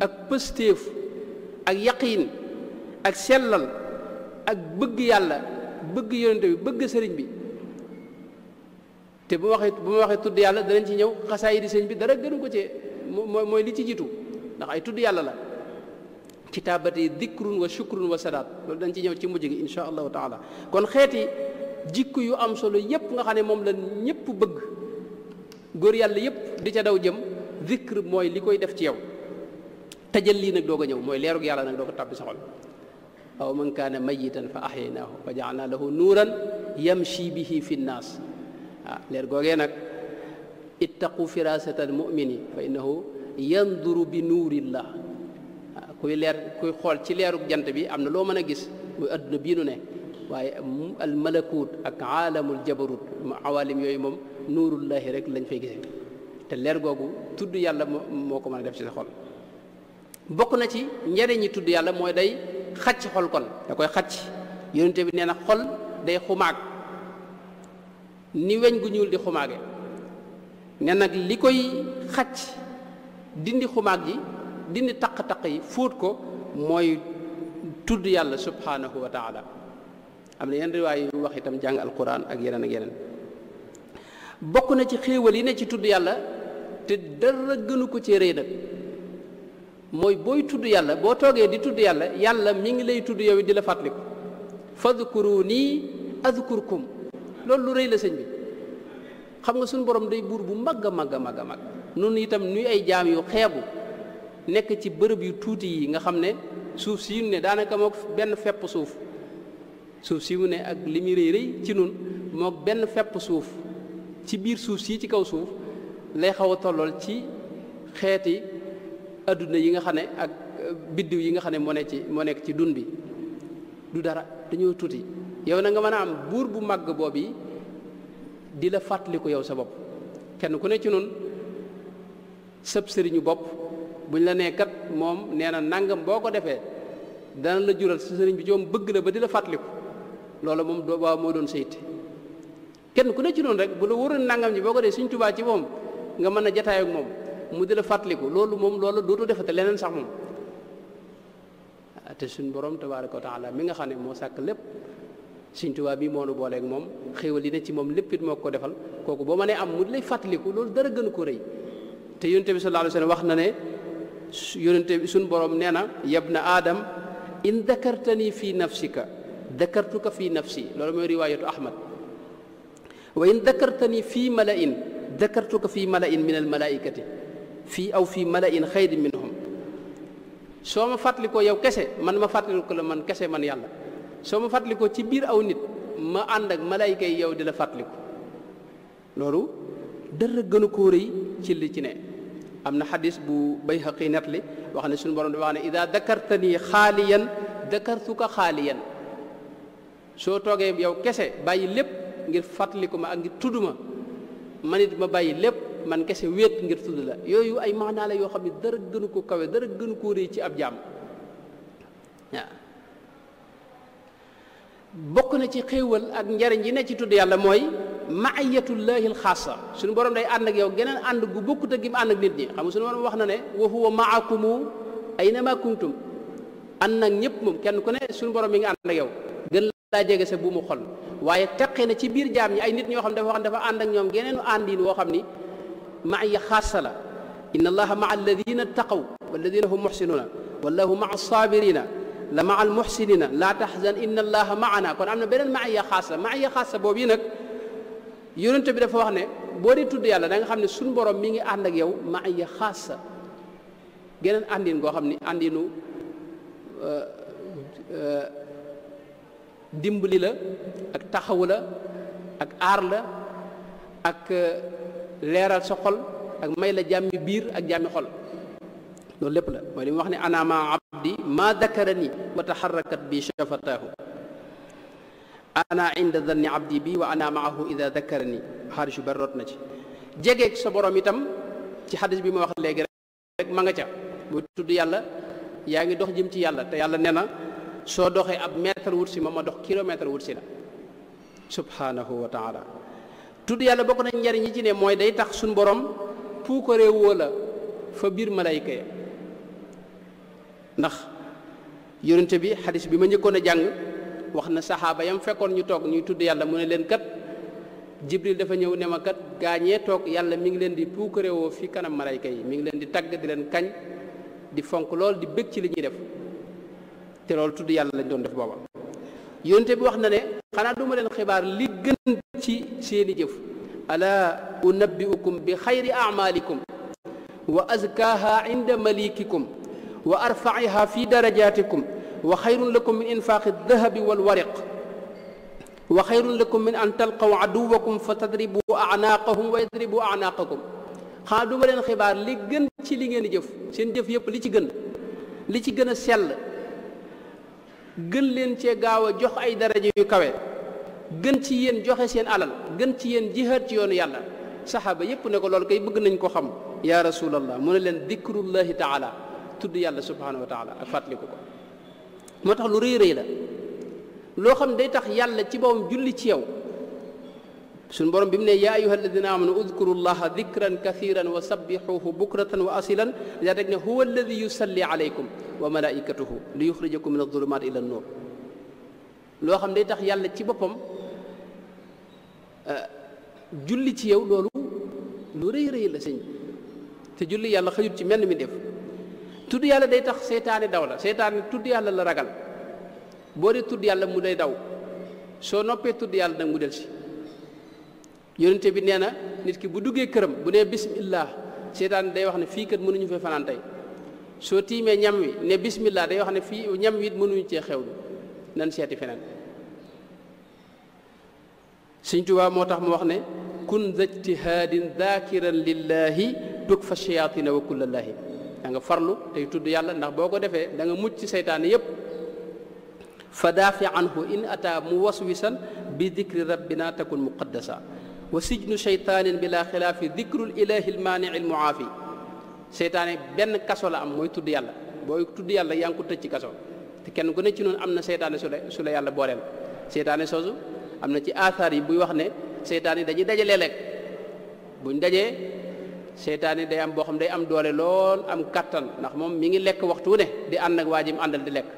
ak pëstéef ak yaqiin ak sellal ak bëgg yàlla bëgg yonente bi bëgg sëriñ bi te bu ma waxee bu ma waxee tudd yàlla danañ ci ñëw xasaayidi sëriñ bi dara gënu ko ci mooy mooy li ci jiitu ndax ay tudd yàlla la kitaabati dikrun wa shukrun wa sadaat loolu dañ ci ñëw ci mujj gi insha allahu taala kon xeeti jikk yu am solo yépp nga xam ne moom la ñépp bëgg góor yàlla yépp di ca daw jëm dikr mooy li koy def ci yow tajal lii nag doog a ñëw mooy leerug yàlla nag doo ko tàbbi sa xol aw man kaana mayitan fa ahyaynahu wa jaalna lahu nuuran yamshi bihi fi nnaas ah, leer googee nag ittaqu firasata al mumini fa innahu yanduru bi nuurillah ah, kuy leer kuy xool ci leerug jant bi am na loo mën a gis muy adduna bii nu ne waaye al malakut ak aalamul jabarut awalim yooyu moom nuurullahi rek lañ fay gise te leer googu tudd yàlla moo ko mën a def ci sa xol bokk na ci njariñi tudd yàlla mooy day xacc xol kon da koy xacc yonente bi nee na xol day xumaag ni weñ gu ñuul di xumaage ne nag li koy xacc dindi xumaag yi dindi taq-taq yi fóot ko mooy tudd yàlla subhanahu wa taala am na yenn riwaay yu wax itam jàng alquran ak yeneen ak yeneen bokk na ci xéewal yi ne ci tudd yàlla te dara gënu ko ci rëy nag mooy booy tudd yàlla boo toogee di tudd yàlla yàlla mu ngi lay tudd yow di la fàttaliku fadkuru nii adkurkum loolu lu rëy la sëñ bi xam nga suñu borom day buur bu mag a mag a mag a mag noonu itam nuy ay jaam yu xeebu nekk ci bërëb yu tuuti yi nga xam ne suuf si ñu ne daanaka moo benn fepp suuf suuf si mu ne ak li muy ci nun mook benn fepp suuf ci biir suuf si ci kaw suuf lay xaw a tollool ci xeeti adduna yi nga xam ne ak euh, biddiw yi nga xam ne moo ne moo nekk ci dun bi du dara dañoo tuuti yow na nga mën a am buur bu màgg boobu di la fàttaliku yow sa bopp kenn ku ne ci nun sëb sëriñu bopp buñ la nee moom nee na nangam boo ko defee dana la jural sa sëriñ bi joom bëgg na ba di la fàttaliku loolu moom doo baa moo doon sayit kenn ku ne ci noonu rek bu la wóoroon nangam ji boo ko dee suñ ci moom nga mën a jataay moom mu di la fàttaliku loolu moom loolu dootu defate leneen sax moom ah, te suñ borom tabaaraka wa taala mi nga xam ne moo sàkk lépp Sëñ Tuubaa bi moo nu booleeg moom xéewal yi ne ci moom léppit moo ko defal kooku boo mënee am mu lay fàttaliku loolu dara gën ko rëy te yonent bi sallallaahu alayhi wa wax na ne yonent bi suñ borom nee na yab na aadam in dakartani fii nafsika dakartuka fii nafsi loolu mooy riwaayatu ahmad wa in dakartani fii mala in dakartuka fii mala in min al fii aw fii mala in xayrin minhum ma fàttalikoo yow kese man ma fàttaliku la man kese man yàlla soo ma ko ci biir aw nit ma ànd ak malayka kay yow di la fàttaliku loolu dara gënu koo rëy ci li ci ne am na xadis bu bayhaqi net li wax ne suñu borom dafa wax ne iddaa ida dakartanii ko xaali xaaliyan soo toogee yow kese bàyyi lépp ngir fàttaliku ma ak ngir tudd ma man it ma bàyyi lépp man kese wéet ngir tudd la yooyu ay maanaa yoo xam ne dara gënu ko kawe dara gënu koo rëy ci ab jàmm waaw bokk na ci xéewal ak njariñ yi ne ci tudd yàlla mooy ma maayatullahi alxaasa suñu borom day ànd ak yow geneen ànd gu bokkut ak gi mu ànd ak nit ñi xam nga suñu borom wax na ne wa huwa ma aynama kuntum ànd ak ñëpp moom kenn ku ne suñu borom mi ngi ànd ak yow gën laa jege sa bu mu xol waaye teqe na ci biir jaam ñi ay nit ñoo xam dafa wax dafa ànd ak ñoom geneenu àndiin woo xam ni maaya xaasa la inna allaha maa alladina taqaw walladina hum muxsinuuna wallahu maa sabirina la ma al muxsinina laa tahzan inna allaha maana kon am na beneen maaya xaasa maaya xaasa boobu yi nag yonent bi dafa wax ne boo dee tudd yàlla danga xam ne suñu borom mi ngi ànd ak yow maaya xaasa geneen àndin goo xam ni àndinu euh, euh, dimbali la ak taxawu la ak aar la ak euh, leeral sa xol ak may la jàmmi biir ak jàmmi xol loolu lépp la mooy li mu wax ne ana ma abdi ma dakarani wa taxarakat bi shafataahu ana inda danni abdi bi wa ana maahu ida dakarani xaaris yu bari root na ci jegeeg sa borom itam ci xadis bi ma wax léegi rek ma nga ca muy tudd yàlla yaa ngi dox jëm ci yàlla te yàlla nee na soo doxee ab mètre wut si ma ma dox kilomètre wut si la subhanahu wa taala tudd yàlla bokk na njariñ yi ci ne mooy day tax suñ borom puukaree woo la fa biir malayka ya ndax yonente bi xadis bi ma njëkkoon a jàng wax na saxaaba yam fekkoon ñu toog ñuy tudd yàlla mu ne leen kat jibril dafa ñëw ne ma kat gaañee toog yàlla mi ngi leen di puukarewoo fi kanam malayka yi mi ngi leen di tagg di leen kañ di fonk lool di bëgg ci li ñuy def te loolu tudd yàlla lañ doon def booba yonente bi wax na ne xanaa duma leen xibaar li gën ci seeni jëf ala unabbiukum bi xayri amalikum wa azkaha inda malikikum wa arfaiha fi darajatikum wa xayrun lakum min infaaqi dahabi walwariq wa xayrun lakum min an talqaw aduwakum fa tadribu anaaqahum wa yadribu anaaqakum xanaa duma leen xibaar li gën ci li ngeen di jëf seen jëf yëpp li ci gën li ci gën a sell gën leen cee gaaw a jox ay daraja yu kawe gën ci yéen joxe seen alal gën ci yéen jihaad ci yoonu yàlla saxaaba yëpp ne ko loolu kay bëgg nañ ko xam yaa rasulallah mu ne leen dikrullahi taala tudd yàlla subhanahu wa taala ak fàttaliku ko moo tax lu rëy rëy la loo xam day tax yàlla ci boppam julli ci yow suñu borom bi mu ne yaa ayuha alladina amanu udkuru llaha dikran kathiran wa sabbixuhu bukratan wa asilan daa teg ne huwa alladi yusalli alaykum wa malaikatuhu li yuxrijakum min adulumat ila an nuur loo xam day tax yàlla ci boppam eh, julli ci yow loolu lu rëy rëy la sëñ te julli yàlla xëyut ci menn mi def tudd yàlla day tax seytaane daw la seytaane tudd yàlla la ragal boo dee tudd yàlla mu day daw soo noppee tudd yàlla nag mu del si yonente bi nee na nit ki bu duggee këram bu nee bismillah seytaane day wax ne fii kat mënuñu fee fanaan tey soo tiimee ñam wi ne bismillah day wax ne fii ñam wi it mënuñu cee xewlu nan seeti feneen Sëñ Tuubaa moo tax mu wax ne kun za ijtihaadin daakiran lillahi dug fa shayatina wa kullallahi da nga farlu tey tudd yàlla ndax boo ko defee danga nga ci seytaane yépp fa daafi anhu in ata mu waswisan bi dicri rabbina takun muqaddasa wa sijnu seytaanin bi laa xilaafi dicrul ilahi lmaanii lmuaafi seytaane benn kaso la am mooy tudd yàlla booy tudd yàlla yaa tëj ci kaso te kenn ku ne ci noonu am na seytaane su la su la yàlla booleel seytaane soosu am na ci aasaar yi buy wax ne seytaan yi dañuy daje buñ dajee seytaane day am boo xam day am doole lool am kattan ndax moom mi ngi lekk waxtu wu ne di ànd ak waa ji mu àndal di lekk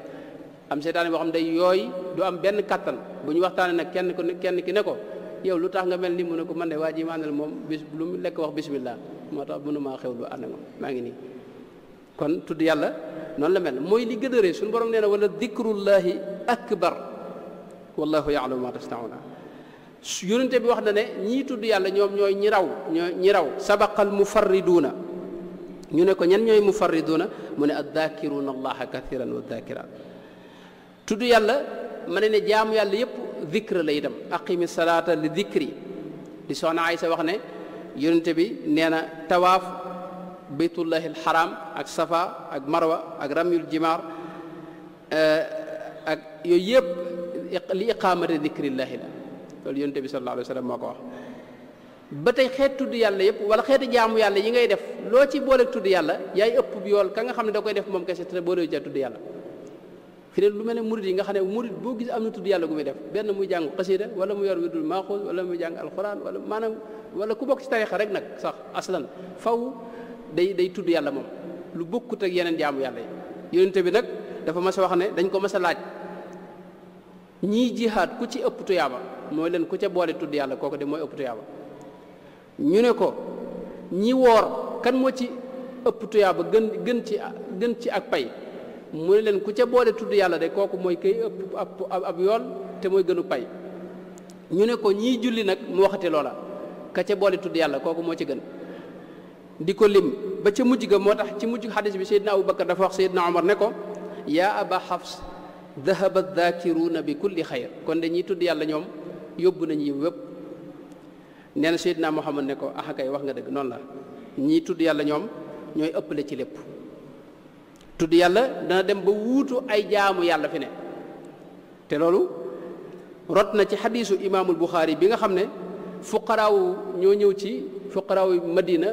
am seytaane boo xam day yooy du am benn kattan bu ñu waxtaanee nag kenn ko kenn ki ne ko yow lu tax nga mel ni mu ne ko man de waa ji ma àndal moom bis lu mu lekk wax bismillah moo tax mënumaa xew lu ànd ak moom maa ngi nii kon tudd yàlla noonu la mel mooy li gën a rëy suñu borom nee na wala dikrullahi akbar wallahu yaalamu ma tasnauna yonente bi wax na ne ñii tudd yàlla ñoom ñooy ñi raw ñooy ñi raw sabaqal mufarriduuna ñu ne ko ñan ñooy mufarriduuna mu ne addaakiruuna allaha kathiran wa addaakirat tudd yàlla ma ne ne jaamu yàlla yëpp dikr la itam aqimi salaata li dikri di soxna Aysa wax ne yonente bi nee na tawaaf baytullahi alxaram ak safa ak marwa ak ramyul jimaar eh, ak yooyu yëpp li iqaamati dikrillahi la loolu yonent bi sallallahu alayhi wa sallam moo ko wax ba tey xeet tudd yàlla yëpp wala xeeti jaamu yàlla yi ngay def loo ci boole tudd yàlla yaay ëpp bi yool ka nga xam ne da koy def moom kese te boole ca tudd yàlla fi ne lu mel ne murid yi nga xam ne murid boo gis am na tudd yàlla gu muy def benn muy jàng xasida wala mu yor wirdul maaxuus wala muy jàng alxuraan wala maanaam wala ku bokk ci tarixa rek nag sax aslan faw day day tudd yàlla moom lu bokkut ak yeneen jaamu yàlla yi bi nag dafa mas a wax ne dañ ko mas a laaj ñii jihaad ku ci ëpp mooy leen ku ca boole tudd yàlla kooku de mooy ne ko ñi woor kan moo ci ëpp tuyaaba gën gën ci ak pay mu ne leen ku ca boole tudd yàlla de kooku mooy kay ëpp ab ab yool te mooy gënu pay ñu ne ko ñii julli nag mu waxate loola ka ca boole tudd yàlla kooku moo ci gën di ko lim ba ca mujj ga moo tax ci mujj xadis bi Seydina Abubakar dafa wax Seydina Omar ne ko yaa aba xafs dahaba dhaakiruuna bi kulli xayr kon de ñiy tudd yàlla ñoom yóbbu nañ yiw wépp nee na Seydina Muhammad ne ko ah kay wax nga dëgg noonu la ñii tudd yàlla ñoom ñooy ëppale ci lépp tudd yàlla dana dem ba wuutu ay jaamu yàlla fi ne te loolu rot na ci xadiisu imaamul Buxaari bi nga xam ne fuqaraawu ñoo ñëw ci fuqaraawu Madina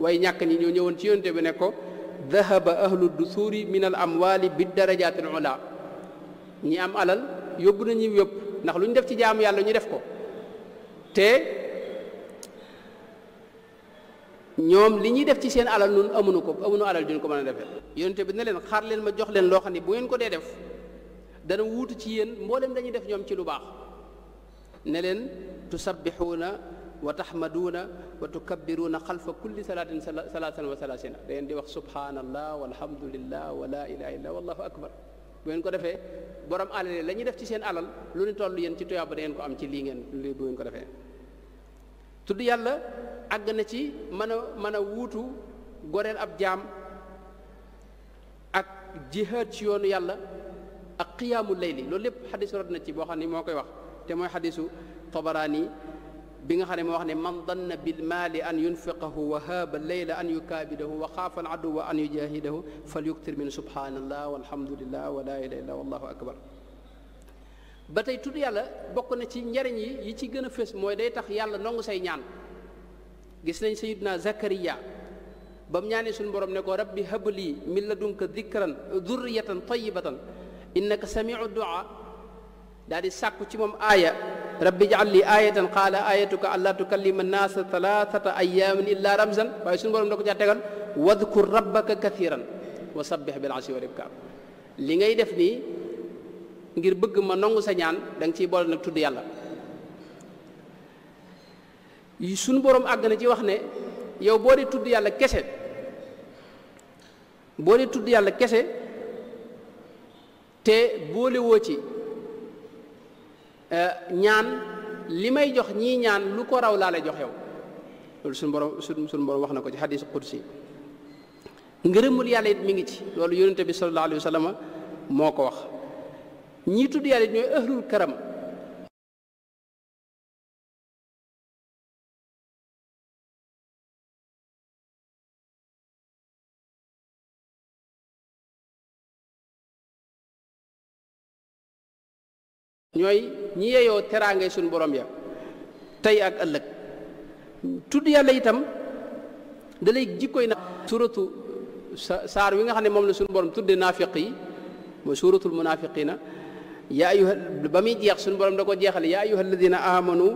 waaye ñàkk ñi ñoo ñëwoon ci yonte bi ne ko dahaba ahlu dusuuri min al amwaali bi darajaatil ula ñi am alal yóbbu nañu yëpp ndax lu ñu def ci jaamu yàlla ñu def ko te ñoom li ñuy def ci seen alal nun amuñu ko amuñu alal duñ ko mën a defee yonente bi ne leen xaar leen ma jox leen loo xam ne bu ngeen ko dee def dana wuutu ci yéen mboolem dañuy def ñoom ci lu baax ne leen tusabbixuuna wa taxmaduuna wa tukabbiruuna xalfa kulli salaatin salaatan wa salaasina da ngeen di wax subhaanallah walhamdulillah wa la ilaha illa wallahu akbar bu ngeen ko defee borom alal yi la ñuy def ci seen alal lu ñu toll yéen ci tuyaaba da ko am ci lii ngeen lii bu ngeen ko defee tudd yàlla àgg na ci mën a mën a wuutu goreel ab jaam ak jihaad ci yoonu yàlla ak qiyaamu layli loolu lépp xadis rod na ci boo xam ne moo koy wax te mooy xadisu tabaraani bi nga xam ne moo wax ne man danna bi maali an yunfiqahu wa haaba leyla an yukaabidahu wa xaafa aduwa an yujahidahu fal yuktir min subhanallah walhamdulillah wa laa ilaha illa wallahu akbar ba tey tudd yàlla bokk na ci njariñ yi yi ci gën a fës mooy day tax yàlla nangu say ñaan gis nañ sayidna zakariya ba mu ñaanee suñu borom ne ko rabbi habli min ladunka dikran durriyatan tayyibatan innaka samiu duaa daal di sàkku ci moom aaya rabbi jaal li ayatan qaala ayatuka allaa tukallima annaasa talaatata ayaamin illaa ramzan waaye suñu borom da ko caa tegal wadkur rabbaka kathiran wa sabbih bil ashi wal li ngay def nii ngir bëgg ma nangu sa ñaan da nga ciy boole nag tudd yàlla sunu borom àgg na ci wax ne yow boo dee tudd yàlla kese boo dee tudd yàlla kese te boolewoo ci Eh, ñaan li may jox ñii ñaan lu ko raw laa lay jox yow loolu suñu su suñu borom wax na ko ci xadis qudsi ngërëmul yàlla it mu ngi ci loolu yonente bi sallallahu alayhi wa sallam moo ko wax ñii tudd yàlla it ñooy ahlul karam ñooy ñi yeyoo teraangay suñu borom ya tey ak ëllëg tudd yàlla itam da jikkoy jikkooy na suratu saar wi nga xam ne moom la suñu borom tudde naafiq yi mooy suratul munafiqina yaa ayuha ba muy jeex suñu borom da ko jeexale yaa ayuha alladina amanu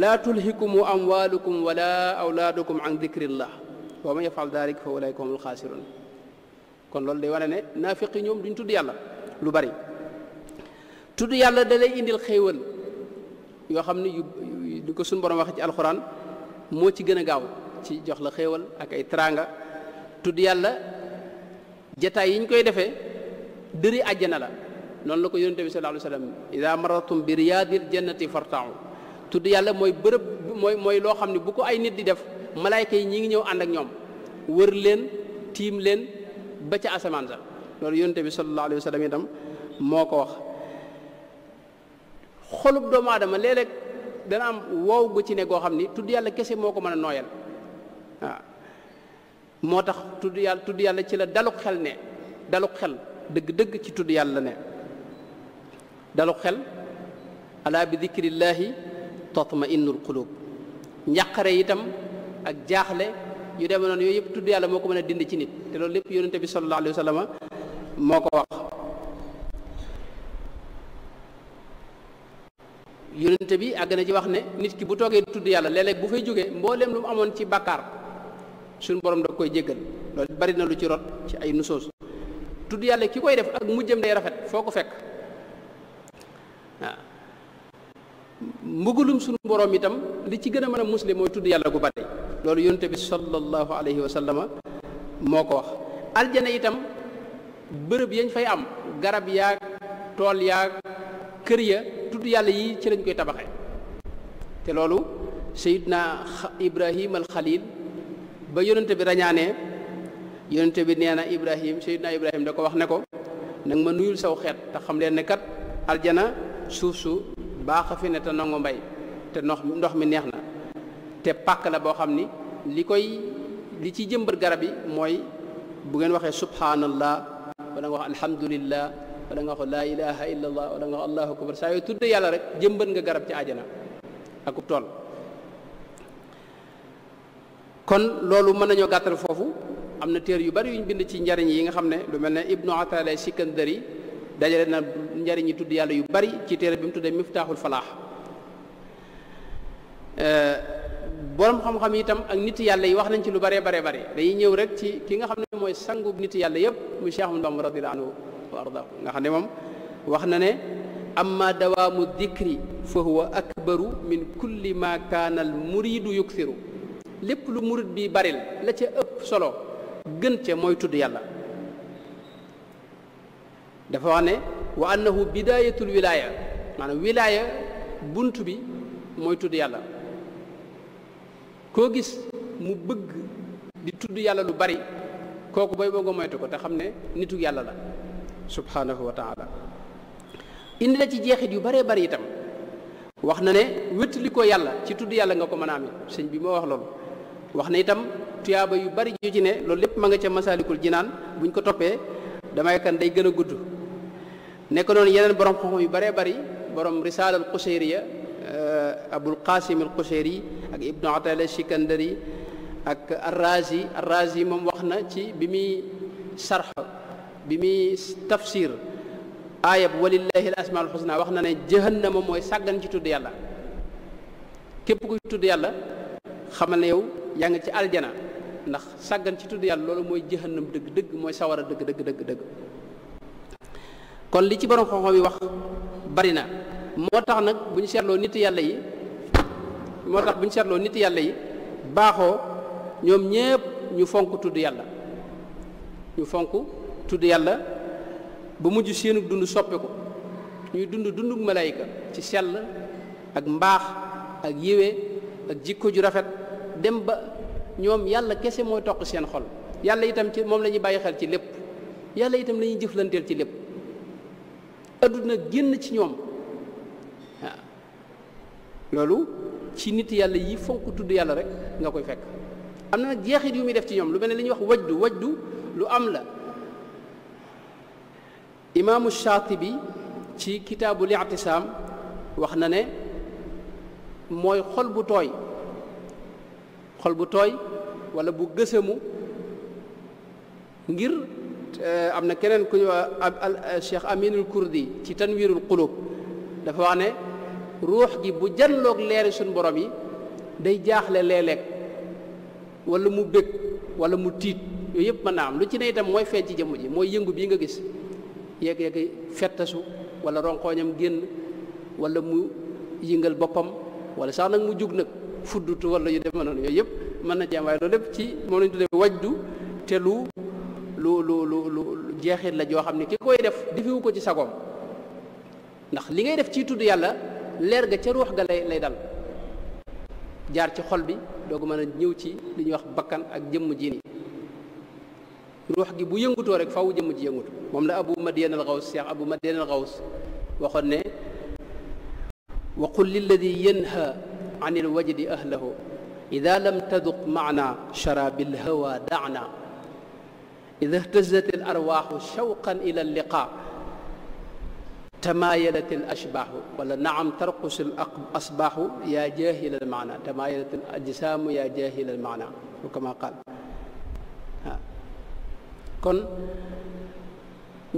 laa tulhikumu amwalukum wala awlaadukum an dicrillah wa man yafal dalik fa ulaika humul xaasiruun kon loolu day wane ne naafiq yi ñoom duñ tudd yàlla lu bari tudd yàlla da indil xéewal yoo xam ne yu di ko suñu borom waxee ci alxuraan moo ci gën a gaaw ci jox la xéewal ak ay teraanga tudd yàlla jataay yi ñu koy defee dëri àjjana la noonu la ko yonente bi sallallahu alayhi wasallam ida maratum bi riyaadil jannati fartau tudd yàlla mooy bërëb mooy loo xam ne bu ko ay nit di def malaayka yi ñi ngi ñëw ànd ak ñoom wër leen tiim leen ba ca asamaan sa loolu yonente bi sallallahu alayhi wasallam itam moo ko wax xolub doomu aadama léeg-léeg dana am wow gu ci ne goo xam ni tudd yàlla kese moo ko mën a nooyal waaw moo tax tudd yàlla tudd yàlla ci la daluk xel ne daluk xel dëgg-dëgg ci tudd yàlla ne daluk xel alaa bi dikrillaahi tatma innul qulub njàqare itam ak jaaxle yu dem noonu yooyu yëpp tudd yàlla moo ko mën a dind ci nit te loolu lépp yonente bi sallallahu alayhi wa moo ko wax yonente bi àgg na ci wax ne nit ki bu toogee tudd yàlla léeg bu fay jógee mbooleem lu mu amoon ci bàkkaar suñu borom da koy jéggal loolu bari na lu ci rot ci ay nusoos tudd yàlla ki koy def ak mujjam day rafet foo ko fekk waaw mbugulum suñu borom itam li ci gën a mën a musle mooy tudd yàlla gu bari loolu yonente bi sallallahu alayhi wa sallama moo ko wax aljane itam bërëb yañ fay am garab yaag tool yaag kër ya tudd yàlla yi ci lañ koy tabaxee te loolu sayidna ibrahim al xalil ba yonente bi rañaanee yonente bi nee na ibrahim sayidna ibrahim da ko wax ne ko nag ma nuyul saw xeet te xam leen ne kat aljana suuf su baax a fi ne te nangu mbay te ndox ndox mi neex na te pàkk la boo xam ni li koy li ci jëmbët garab yi mooy bu ngeen waxee subhanallah wala nga wax alhamdulillah wala nga wax laa ilaha illa allah wala nga wax allahu akbar saa yoo tudde yàlla rek jëmbat nga garab ci àjjana akub tool kon loolu mën nañoo gàttal foofu am na téer yu bari yuñ bind ci njariñ yi nga xam ne lu mel ne ibnu atala sikandari dajale na njariñ yi tudd yàlla yu bari ci téere bi mu tuddee miftaaxul falaax eh, borom xam-xam yi tam ak nit yàlla yi wax nañ ci lu bare bare bare dañuy ñëw rek ci ki nga xam ne mooy sangu nit yàlla yëpp mu Cheikh Ahmadou Bamba radiyallahu wa nga xam ne moom wax na ne amma dawaamu dikri fa ak akbaru min kulli ma kaana al muridu yuksiru lépp lu murid bi baril la ca ëpp solo gën ca mooy tudd yàlla dafa wax ne wa annahu bidaayatul wilaaya maanaam wilaaya bunt bi mooy tudd yàlla koo gis mu bëgg di tudd yàlla lu bari kooku booy boo nga moytu ko te xam ne nitu yàlla la subhaanahu wa taala indi na ci jeexit yu baree bari itam wax na ne wétali ko yàlla ci tudd yàlla nga ko mën a amee sëñ bi moo wax loolu wax na itam tuyaaba yu bari ju ci ne loolu lépp ma nga ca masaalikul jinaan buñ ko toppee damay kan day gën a gudd nekk noonu yeneen borom xam yu baree bari borom risaalal xuseyriya euh, abul qasim al xuseyri ak ibnu atala sikandari ak arrazi arrazi moom wax na ci bi muy sarx bi muy tafsir aayab walillahi al asmaul wax na ne jahannama mooy sàggan ci tudd yàlla képp kuy tudd yàlla xamal ne yow yaa ngi ci aljana ndax sàggan ci tudd yàlla loolu mooy jahannam dëgg dëgg mooy sawara dëgg dëgg dëgg dëgg kon li ci borom xam-xam yi wax bari na moo tax nag bu ñu seetloo nit yàlla yi moo tax bu ñu seetloo nit yàlla yi baaxoo ñoom ñépp ñu fonk tudd yàlla ñu fonk tudd yàlla bu mujj seenug dund soppe ko ñuy dund dundug malaayika ci sell ak mbaax ak yiwe ak jikko ju rafet dem ba ñoom yàlla kese mooy toq seen xol yàlla itam ci moom lañuy bàyyi xel ci lépp yàlla itam lañuy jëflanteel ci lépp adduna génn ci ñoom loolu ci nit yàlla yi fonk tudd yàlla rek nga koy fekk am na nag jeexit yu muy def ci ñoom lu mel ne li ñuy wax wajdu wajdu lu am la imaamu bi ci kitaabul i'tisaam wax na ne mooy xol bu tooy xol bu tooy walla bu gësëmu ngir eh, am na keneen ku ñu wax eh, Cheikh Aminul Kurdi ci tanwiirul qulub dafa wax ne ruux gi bu janloog leeri suñ boroom yi day jaaxle léeg-léeg walla mu bëgg walla mu tiit yooyu yëpp man naa am lu ci ne itam mooy feet ci jëmm ji mooy yëngu bii nga gis yéeg-yéegi fettasu wala ronqooñam génn wala mu yëngal boppam wala sax nag mu jug nag fuddutu wala yu ma noonu yooyu yëpp mën na jeem waaye lépp ci moom lañ tuddee wajdu te lu lu lu lu lu jeexit la joo xam ne ki koy def defiwu ko ci sagoom ndax li ngay def ciy tudd yàlla leer ga ca ruux ga lay lay dal jaar ci xol bi doo ko mën a ñëw ci li ñuy wax bakkan ak jëmm ji nii ruux gi bu yëngutoo rek faw jëmm ji yëngutu moom la abu madian al xaws cheikh abu madian al xaws waxoon ne wa qul lilladi yanha an il wajdi ahlahu ida lam taduq maana sharabil hawa daana ida ihtazat al arwaaxu shawqan ila al liqa tamaayalat al ashbaaxu wala naam tarqus al asbaaxu yaa jaahila al maana tamaayalat al ajsaamu yaa jaahila al maana kama qaal kon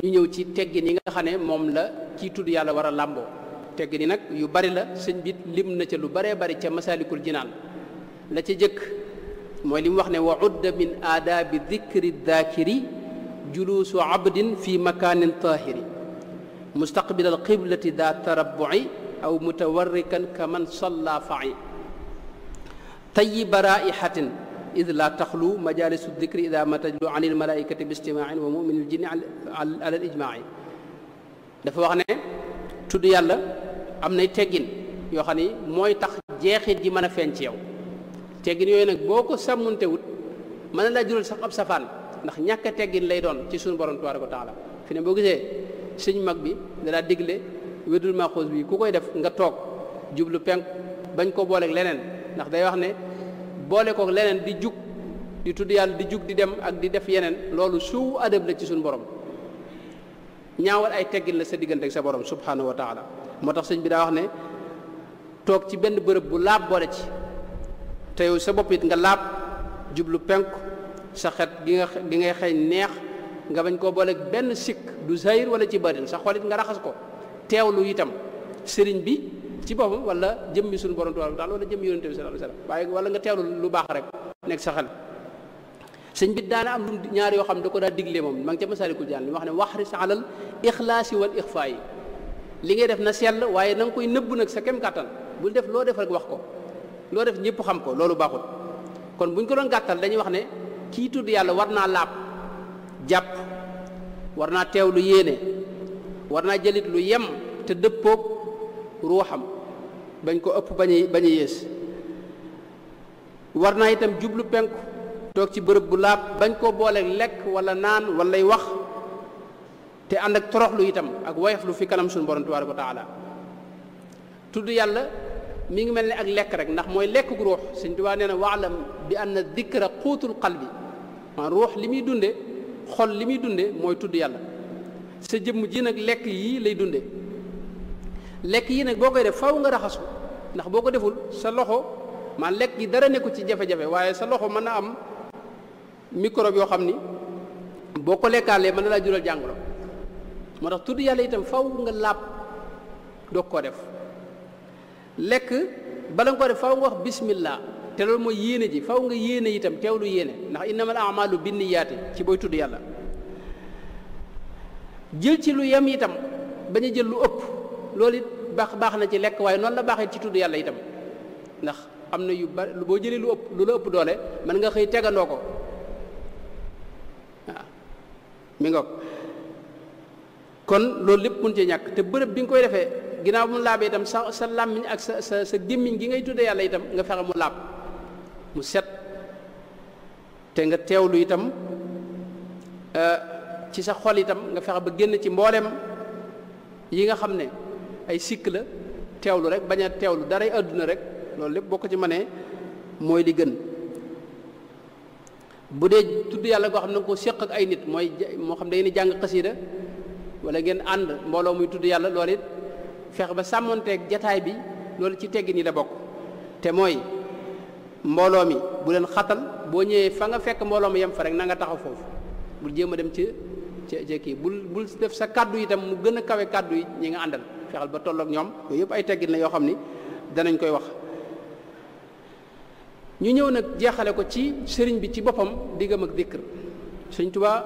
ñu ñëw ci teggin yi nga xam ne moom la kii tudd yàlla war a làmboo teggin yi nag yu bari la sëñ bi lim na ca lu baree bari ca masaalikul jinaan la ca jëkk mooy li wax ne wa udda min aadaabi dikri daakiri juluusu abdin fi makaanin taahiri mustaqbil al qiblati daa tarabbuci aw mutawarrikan kaman salla faci tayiba raihatin id la taxlu majalisu dicri ida ma tajlu an il malaikati bi istimain wa muminil jinni ala al ijmaai dafa wax ne tudd yàlla am nay teggin yoo xam ni mooy tax jeexit ji mën a feeñ ci yow teggin yooyu nag boo ko sàmmunte mën na laa jural sax ab safaan ndax ñàkk teggin lay doon ci suñu borom tabaaraka wa taala fi ne boo gisee sëñ mag bi dalaa digle wédul maaxoos bi ku koy def nga toog jublu penk bañ ko booleeg leneen ndax day wax ne boole kook leneen di jug di tudd yàlla di jug di dem ak di def yeneen loolu suu adab la ci suñu borom ñaawal ay teggin la sa diggante ak sa borom subhanahu wa taala moo tax sëñ bi daa wax ne toog ci benn bërëb bu laab boole ci te yow sa bopp it nga laab jublu penku sa xet gi nga gi ngay xëy neex nga bañ koo booleeg benn sikk du zahir wala ci barin sa xolit nga raxas ko teewlu itam sëriñ bi ci boppam wala jëmmi suñu borom tubaab taala wala jëmmi yonente bi sallallahu alayhi wasallam waaye wala nga teewlu lu baax rek nekk sa xel sëñ bi daana am lu ñaar yoo xam ne da ko daa digle moom ma ngi ca masaliku jaan li wax ne waxris alal ixlaasi wal ixfaa yi li ngay def na sell waaye na nga koy nëbb nag sa kem kàttan bul def loo def rek wax ko loo def ñëpp xam ko loolu baaxul kon buñ ko doon gàttal dañuy wax ne kii tudd yàlla war naa laab jàpp war naa teew lu yéene war naa jëlit lu yem te dëppoog ruuxam bañ koo ëpp bañ a bañ a yées war naa itam jublu penku toog ci bërëb bu laab bañ koo booleek lekk wala naan walay wax te ànd ak toroxlu itam ak woyof fi kanam suñu borom tabaaraka wa taala tudd yàlla mi ngi mel ni ak lekk rek ndax mooy lekk gu ruux Sëñ Tuubaa nee na waalam bi anna dikra xuutul qalbi ma ruux li muy dunde xol li muy dunde mooy tudd yàlla sa jëmm ji nag lekk yii lay dunde lekk yi nag boo koy def faw nga raxasu ndax boo ko deful sa loxo maa lekk gi dara nekku ci jafe-jafe waaye sa loxo mën na am microbe yoo xam ni boo ko lekkaalee mën na laa jural jàngoro moo tax tudd yàlla itam faw nga laab doog koo def lekk bala nga ko def faw nga wax bismillah te loolu mooy yéene ji faw nga yéene itam lu yéene ndax lu bind binniyaati ci booy tudd yàlla jël ci lu yam itam bañ a jël lu ëpp loolu it baax baax na ci lekk waaye noonu la baaxee ci tudd yàlla itam ndax am na yu ba boo jëlee lu ëpp lu la ëpp doole mën nga xëy tegandoo ko waaw mi ngoog kon loolu lépp mën ci ñàkk te bërëb bi nga koy defee ginnaaw mu laabee itam sa sa làmmiñ ak sa sa sa gémmiñ gi ngay tuddee yàlla itam nga fexe mu laab mu set te nga teewlu itam euh, ci sa xol itam nga fexe ba génn ci mbooleem yi nga xam ne ay sikk la teewlu rek bañ teew lu daray àdduna rek loolu lépp boo ko ci mënee mooy li gën bu dee tudd yàlla goo xam ne ko séq ak ay nit mooy moo xam da ngeen di jàng xasiida wala ngeen ànd mbooloo muy tudd yàlla loolu it fexe ba sàmmonteeg jataay bi loolu ci teggin yi la bokk te mooy mbooloo mi bu leen xatal boo ñëwee fa nga fekk mbooloo mi yem fa rek na nga taxaw foofu bul jéem a dem ci ci kii bul bul def sa kàddu yi itam mu gën a kawe kàddu yi ñi nga àndal fexeel ba tollook ñoom yooyu yëpp ay teggin na yoo xam ni danañ koy wax ñu ñëw nag jeexale ko ci sëriñ bi ci boppam diggam ak dikr sëñ tubaa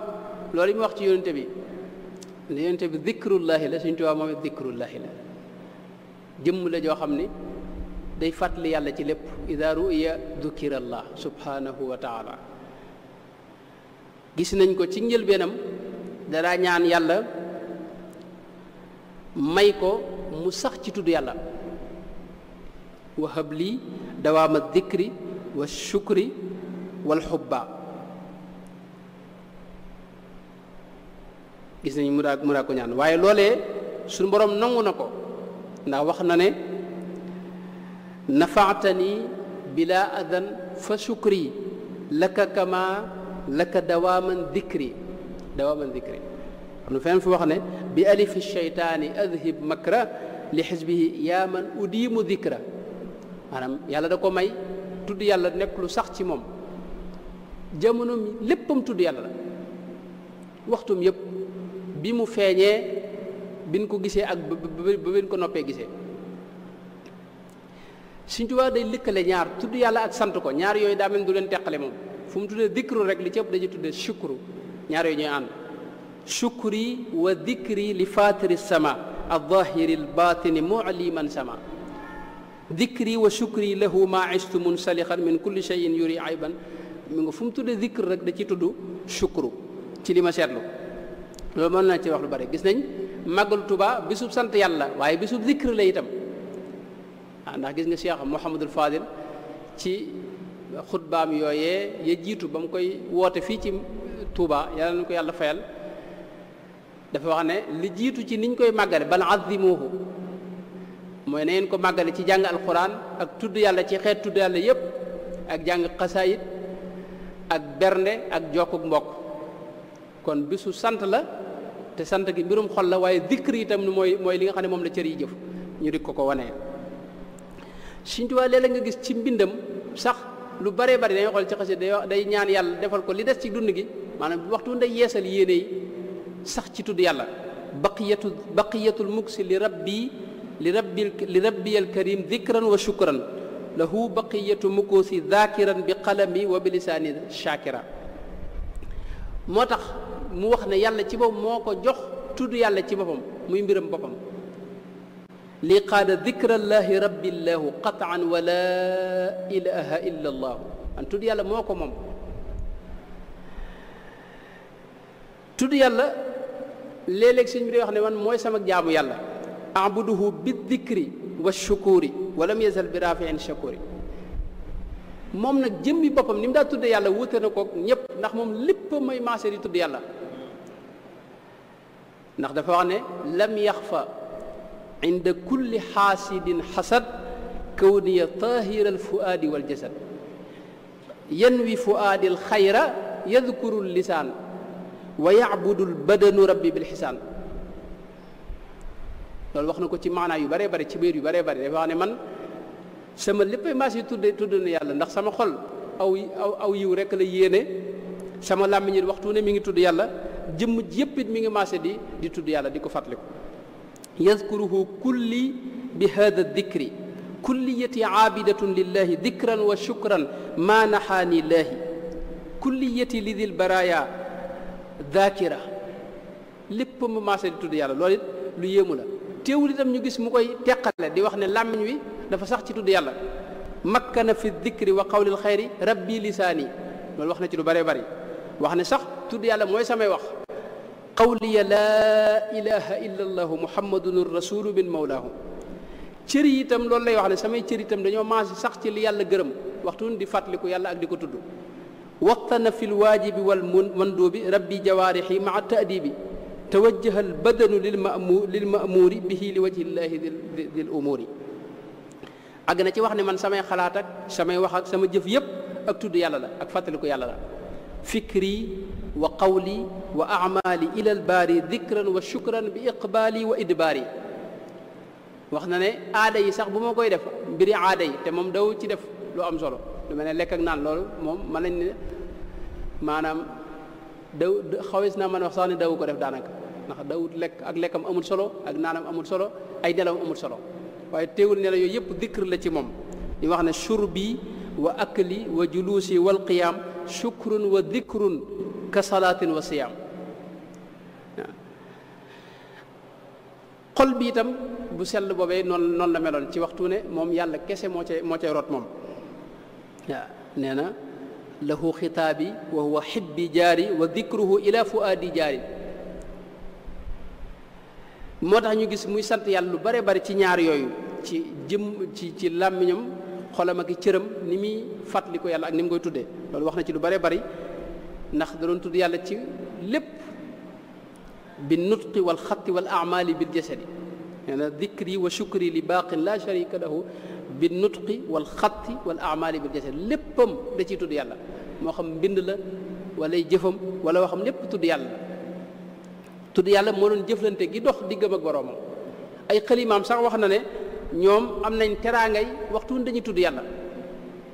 loolu yi mu wax ci yónente bi yónente bi dikrullahi la sëñ tubaa moom it dikrullahi la jëmm la joo xam ni day fàttali yàlla ci lépp ida ruya dukira allah subhanahu wa taala gis nañ ko ci njëlbeenam danaa ñaan yàlla may ko mu sax ci tudd yàlla wa hab lii dawaama dikri wa shukri wal xubba gis nañu mu daa mu ko ñaan waaye loole suñu boroom nangu na ko ndax wax na ne nafaatani bila adan fa shukri laka kama laka dawaaman dikri dawaaman dikri am na feneen fu wax ne bi alifi sheytaani adhib makra li bi yaa man udiimu dikra maanaam yàlla da ko may tudd yàlla nekk lu sax ci moom jamono mi léppam tudd yàlla la waxtum yépp bi mu feeñee bin ko gisee ak ba bin ko noppee gisee Sëñ Tuubaa day lëkkale ñaar tudd yàlla ak sant ko ñaar yooyu daa mel du leen teqale moom fu mu tuddee dikru rek li ci ëpp dañuy tuddee shukru ñaar yooyu ñooy ànd shukri wa dikri li fatiri sama aldahiri albatini muliman sama dikri wa shukri lahu ma istu munsalixan min kulli cheyin yuri ayban mi nga fu mu tudde dikr rek da ci tudd shukru ci lima ma seetlu loolu mën naa ci wax lu bari gis nañ màggal Tuubaa bisub sant yàlla waaye bisub dikr la itam ah gis nga Cheikh Mouhamadul Fadil ci xutbaam yooyee ya jiitu ba mu koy woote fii ci Touba yàlla na ko yàlla fayal dafa wax ne li jiitu ci niñ koy màggale bal azimuhu mooy na ngeen ko màggale ci jàng alquran ak tudd yàlla ci xeet tudd yàlla yépp ak jàng xasaayit ak bernde ak jokkuk mbokk kon bisu sant la te sant gi mbirum xol la waaye yi tam itam mooy mooy li nga xam ne moom la cër yi jëf ñu di ko ko wanee Sëñ Tuubaa léeg-léeg nga gis ci mbindam sax lu baree bari dañuy xool ci xasida day ñaan yàlla defal ko li des ci dund gi maanaam waxtu day yeesal yéene sax ci tudd yàlla baqiyatu baqiyatul muksi li rabbi li rabbi li rabbiyal karim dikran wa shukran lahu baqiyatu mukusi dhakiran bi qalami wa bi lisaani moo tax mu wax ne yàlla ci boppam moo ko jox tudd yàlla ci boppam muy mbiram boppam lii qaada dikrallaahi rabbillahu qataan wa laa ilaha illa allaahu an tudd yàlla moo ko moom tudd yàlla léeg-léeg sëñ bi day wax ne man mooy sama jaamu yàlla abuduhu bi dikri wa shukuri walam yazal bi rafiin shakuri moom nag jëmmi boppam ni mu daa tudde yàlla wute na kook ñëpp ndax moom lépp may maase di tudd yàlla ndax dafa wax ne lam yaxfa inda kulli xaasidin xasad kawniya tahira al fuaadi wal jasad yanwi fuaadi al xayra yadkuru wa yaabudul badanu rabbi bil xisaan loolu wax na ko ci maanaa yu baree bari ci biir yu baree bari dafa wax ne man sama léppay maas yi tudde tudd na yàlla ndax sama xol aw yiw rek la yéene sama làmmiñ it waxtu ne mi ngi tudd yàlla jëmm yépp mi ngi maase di di tudd yàlla di ko fàttaliku yazkuruhu kulli bi hada dikri kulliyati aabidatun lillahi dikran wa shukran maa naxaani laahi kulliyati lidil baraaya daakira lépp mu maase di tudd yàlla lool it lu yéemu la teewul itam ñu gis mu koy teqale di wax ne làmmiñ wi dafa sax ci tudd yàlla makkana fi dikri wa qawlil xayri rabbi lisaani loolu wax na ci lu bëree bëri wax ne sax tudd yàlla mooy samay wax qawliya laa ilaha illa allahu muhammadun rasulu min mawlaahu cër yi itam loolu lay wax ne samay cër itam dañoo maase sax ci li yàlla gërëm waxtu di fàttaliku yàlla ak di ko tudd waqtana fi lwaajibi wal manduubi rabbi jawaarixi maa taadibi tawajjaha albadanu lil mamu lil mamuuri bihi li wajhi llaahi dil umuuri na ci wax ne man samay xalaat ak samay wax ak sama jëf yépp ak tudd yàlla la ak fàttaliku yàlla la fikri wa qawli wa amaali ila albaari dikran wa shukran bi iqbaali wa idbaari wax na ne aada yi sax bu ma koy def mbiri aada yi te moom daw ci def lu amsolo lu mel ne lekk ak naan loolu moom man nañ ne maanaam daw xawes naa mën wax sax ne dawu ko def daanaka ndax dawut lekk ak lekkam amul solo ak naanam amul solo ay nelawam amul solo waaye teewul nelaw yooyu yëpp dikr la ci moom di wax ne shurbi wa akli wa juluusi wal qiyaam shukrun wa dikrun ka salaatin wa siyaam xol bi itam bu sell boobee noonu noonu la meloon ci waxtu ne moom yàlla kese moo cay moo cay rot moom waaw na lahu xitaabi wa huwa xibbi jaari wa dikruhu ila fuaadi jaari moo tax ñu gis muy sant yàlla lu bare bari ci ñaar yooyu ci jëm ci ci làmmiñam xolam ak cëram ni muy fàttali ko yàlla ak ni mu koy tuddee loolu wax na ci lu bare bari ndax da tudd yàlla ci lépp bi nutqi wal xatti wal amaali bil jasadi nee na dikri wa shukri li baaqin la sharika lahu bi nutqi wal xatti wal amali bil jasad léppam da ciy tudd yàlla moo xam mbind la wala jëfam wala waxam lépp tudd yàlla tudd yàlla moo doon jëflante gi dox diggam ak boroomam ay xalimaam sax wax na ne ñoom am nañ teraangay waxtu dañuy tudd yàlla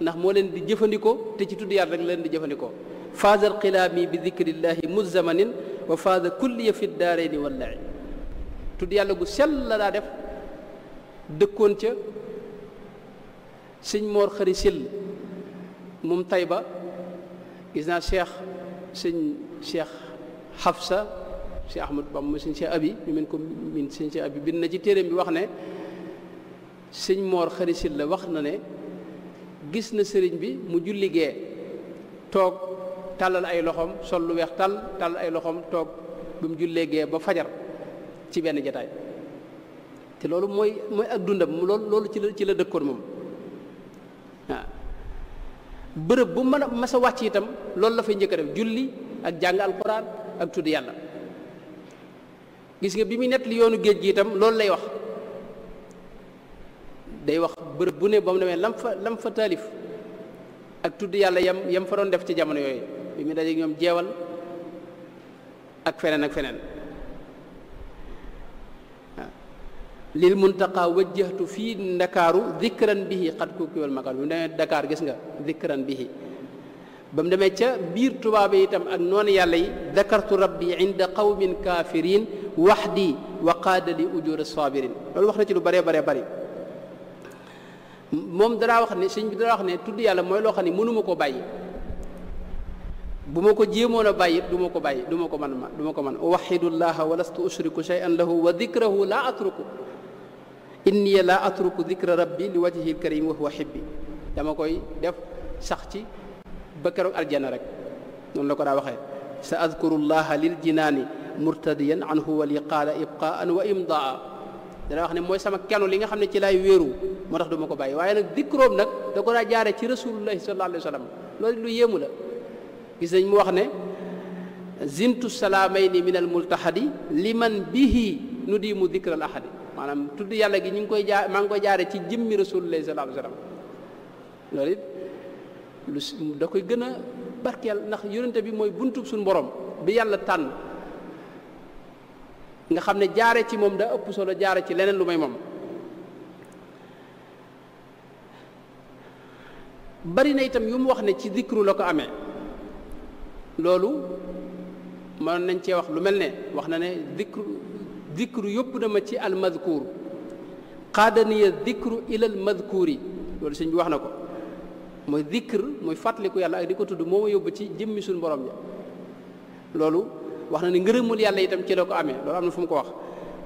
ndax moo leen di jëfandikoo te ci tudd yàlla rek leen di jëfandikoo faasa alxilaami bi dicrillahi muzamanin wa faasa kulliya fi daareeni wallahi tudd yàlla gu sell la daa def dëkkoon ca sëñ moor xari sill moom Tayba gis naa cheikh sëñ cheikh Hafsa cheikh Ahmad Bamba sëñ cheikh abi ñu sëñ cheikh abi bind na ci téeréem bi wax ne sëñ moor xari sill la wax na ne gis na sëriñ bi mu julli gee toog tàllal ay loxoom sol lu weex tàll tàllal ay loxoom toog ba mu jullee gee ba fajar ci benn jataay te loolu mooy mooy ak dundam loolu loolu ci la ci la dëkkoon moom waaw bërëb bu mën a mas a wàcc itam loolu la fay njëkk def julli ak jàng alquran ak tudd yàlla gis nga bi muy nettali yoonu géej gi itam loolu lay wax day wax bërëb bu ne ba mu demee lam fa lam fa taalif ak tudd yàlla yam yam fa doon def ci jamono yooyu bi mu dajeeg ñoom jeewal ak feneen ak feneen lil muntaqa wajjahtu fii ndakaaru dikran bihi xat kooku wal makal bu mu demee Dakar gis nga bi bihi ba mu demee ca biir tubaab yi itam ak noonu yàlla yi dakartu rabbi inda qawmin kaafiriin waxdi wa qaadali ujura sabirin loolu wax na ci lu bëree baree bëri moom danaa wax ni sëñ bi danaa wax ne tudd yàlla mooy loo xam ne mënuma ko bàyyi bu ma ko jéemoon a bàyyi du ma ko bàyyi du ma ko man ma du ma ko man uwaxidullaha wa lastu ushriku shay'an lahu wa dikrahu laa atruku inni la atruku dikra rabbi li wajhil karim wa huwa xibbi dama koy def sax ci ba keroog aljana rek noonu la ko daa waxee sa adkuru llaha lil jinaani murtadiyan anhu wa li qaala ibqaan wa imdaa dana wax ne mooy sama kenu li nga xam ne ci laay wéeru moo tax du ma ko bàyyi waaye nag dikroom nag da ko daa ci rasulullahi sallallahu alayhi wa sallam lu yéemu la gis nañ mu wax ne zintu salaamayni min almultahadi liman bihi nudiimu dikra al ahadi maanaam tudd yàlla gi ñu ngi koy jaar maa ngi koy jaare ci jëmmi rasulullah sallallahu alayhi wasallam loolu it lu da koy gën a barkeel ndax yonente bi mooy buntub suñu boroom bi yàlla tànn nga xam ne jaare ci moom da ëpp solo jaare ci leneen lu may moom bari na itam yu mu wax ne ci dikru la ko amee loolu mën nañ cee wax lu mel ne wax na ne dikru dikru yóbbu na ma ci almadkuur qaadaniya dikru ilal yi loolu sëñ bi wax na ko mooy dikr mooy fàttaliku yàlla ak di ko tudd moo yóbbu ci jëmmi suñu borom ja loolu wax na ni ngërëmul yàlla tam ci la ko amee loolu am na fu mu ko wax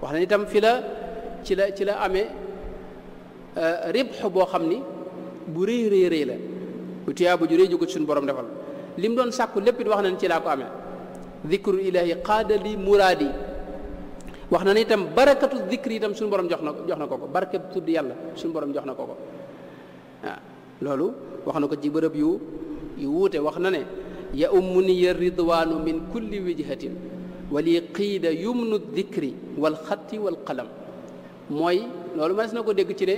wax na itam fi la ci la ci la amee euh, ribx boo xam ni bu rëy rëy rëy la bu tuyaaba ju rëy ju suñu borom defal lim doon sàkku lépp it wax nañ ci laa ko amee dikrul ilaahi qaadali muraadi wax na ne itam barakatu zikri itam suñu borom jox na jox na ko ko barke tudd yàlla suñu borom jox na ko ko loolu wax na ko ci bërëb yu yu wuute wax na ne ya ummu niya ridwaanu min kulli wijhatin wali qiida yumnu dikri wal xati wal qalam mooy loolu mënees na ko dégg ci ne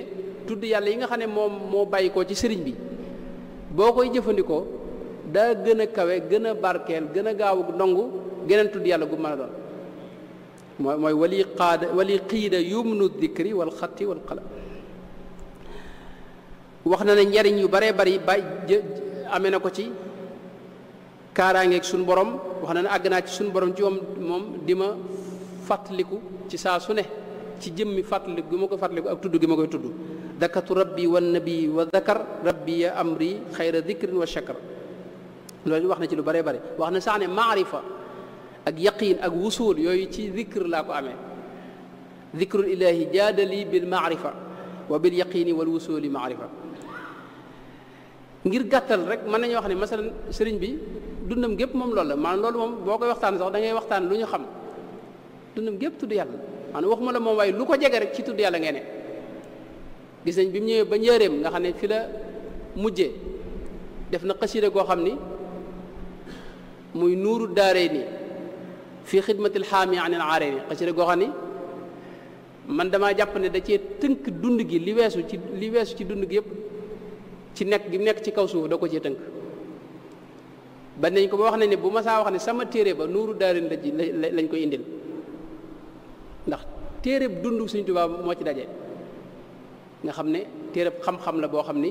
tudd yàlla yi nga xam ne moom moo bàyyi ko ci sëriñ bi boo koy jëfandikoo daa gën a kawe gën a barkeel gën a gaaw a ndongu geneen tudd yàlla gu mën a doon mooy mooy wali qaada wali qiida yumnu dikri wal xatti wal qalam wax na ne njariñ yu bare bari ba amee na ko ci kaaraangeeg suñu borom wax na ne àgg naa ci suñu borom ci moom moom di ma fàttaliku ci saa su ne ci jëmmi fàttaliku gi ma ko fàttaliku ak tudd gi ma koy tudd dakatu rabbi wa nabi wa dakar rabbi ya amri xayra dikrin wa shakar loolu wax na ci lu baree bari wax na sax ne maarifa ak yaqiin ak wusuul yooyu ci zikr laa ko amee zikrul ilaahi jaadali bil maarifa wa bil yaqiini wal wusuuli maarifa ngir gàttal rek mën nañu wax ne masalan sëriñ bi dundam gépp moom loolu la loolu moom boo koy waxtaan sax da waxtaan lu ñu xam dundam gépp tudd yàlla maanaam waxuma la moom waaye lu ko jege rek ci tudd yàlla ngeene ne gis nañ bi mu ñëwee ba njëreem nga xam ne fi la mujje def na xasida goo xam ni muy nuuru daaree nii fii xidmatil xaami anil aarimi xasida goo xam ni man damaa jàpp ne da cee tënk dund gi li weesu ci li weesu ci dund gi yëpp ci nekk gi nekk ci kaw suuf da ko cee tënk ba nañ ko ba wax na ne bu ma saa wax ne sama téere ba nuuru daarin la lañ ko indil ndax téere bu dund suñ tubaab moo ci daje nga xam ne téereb xam-xam la boo xam ni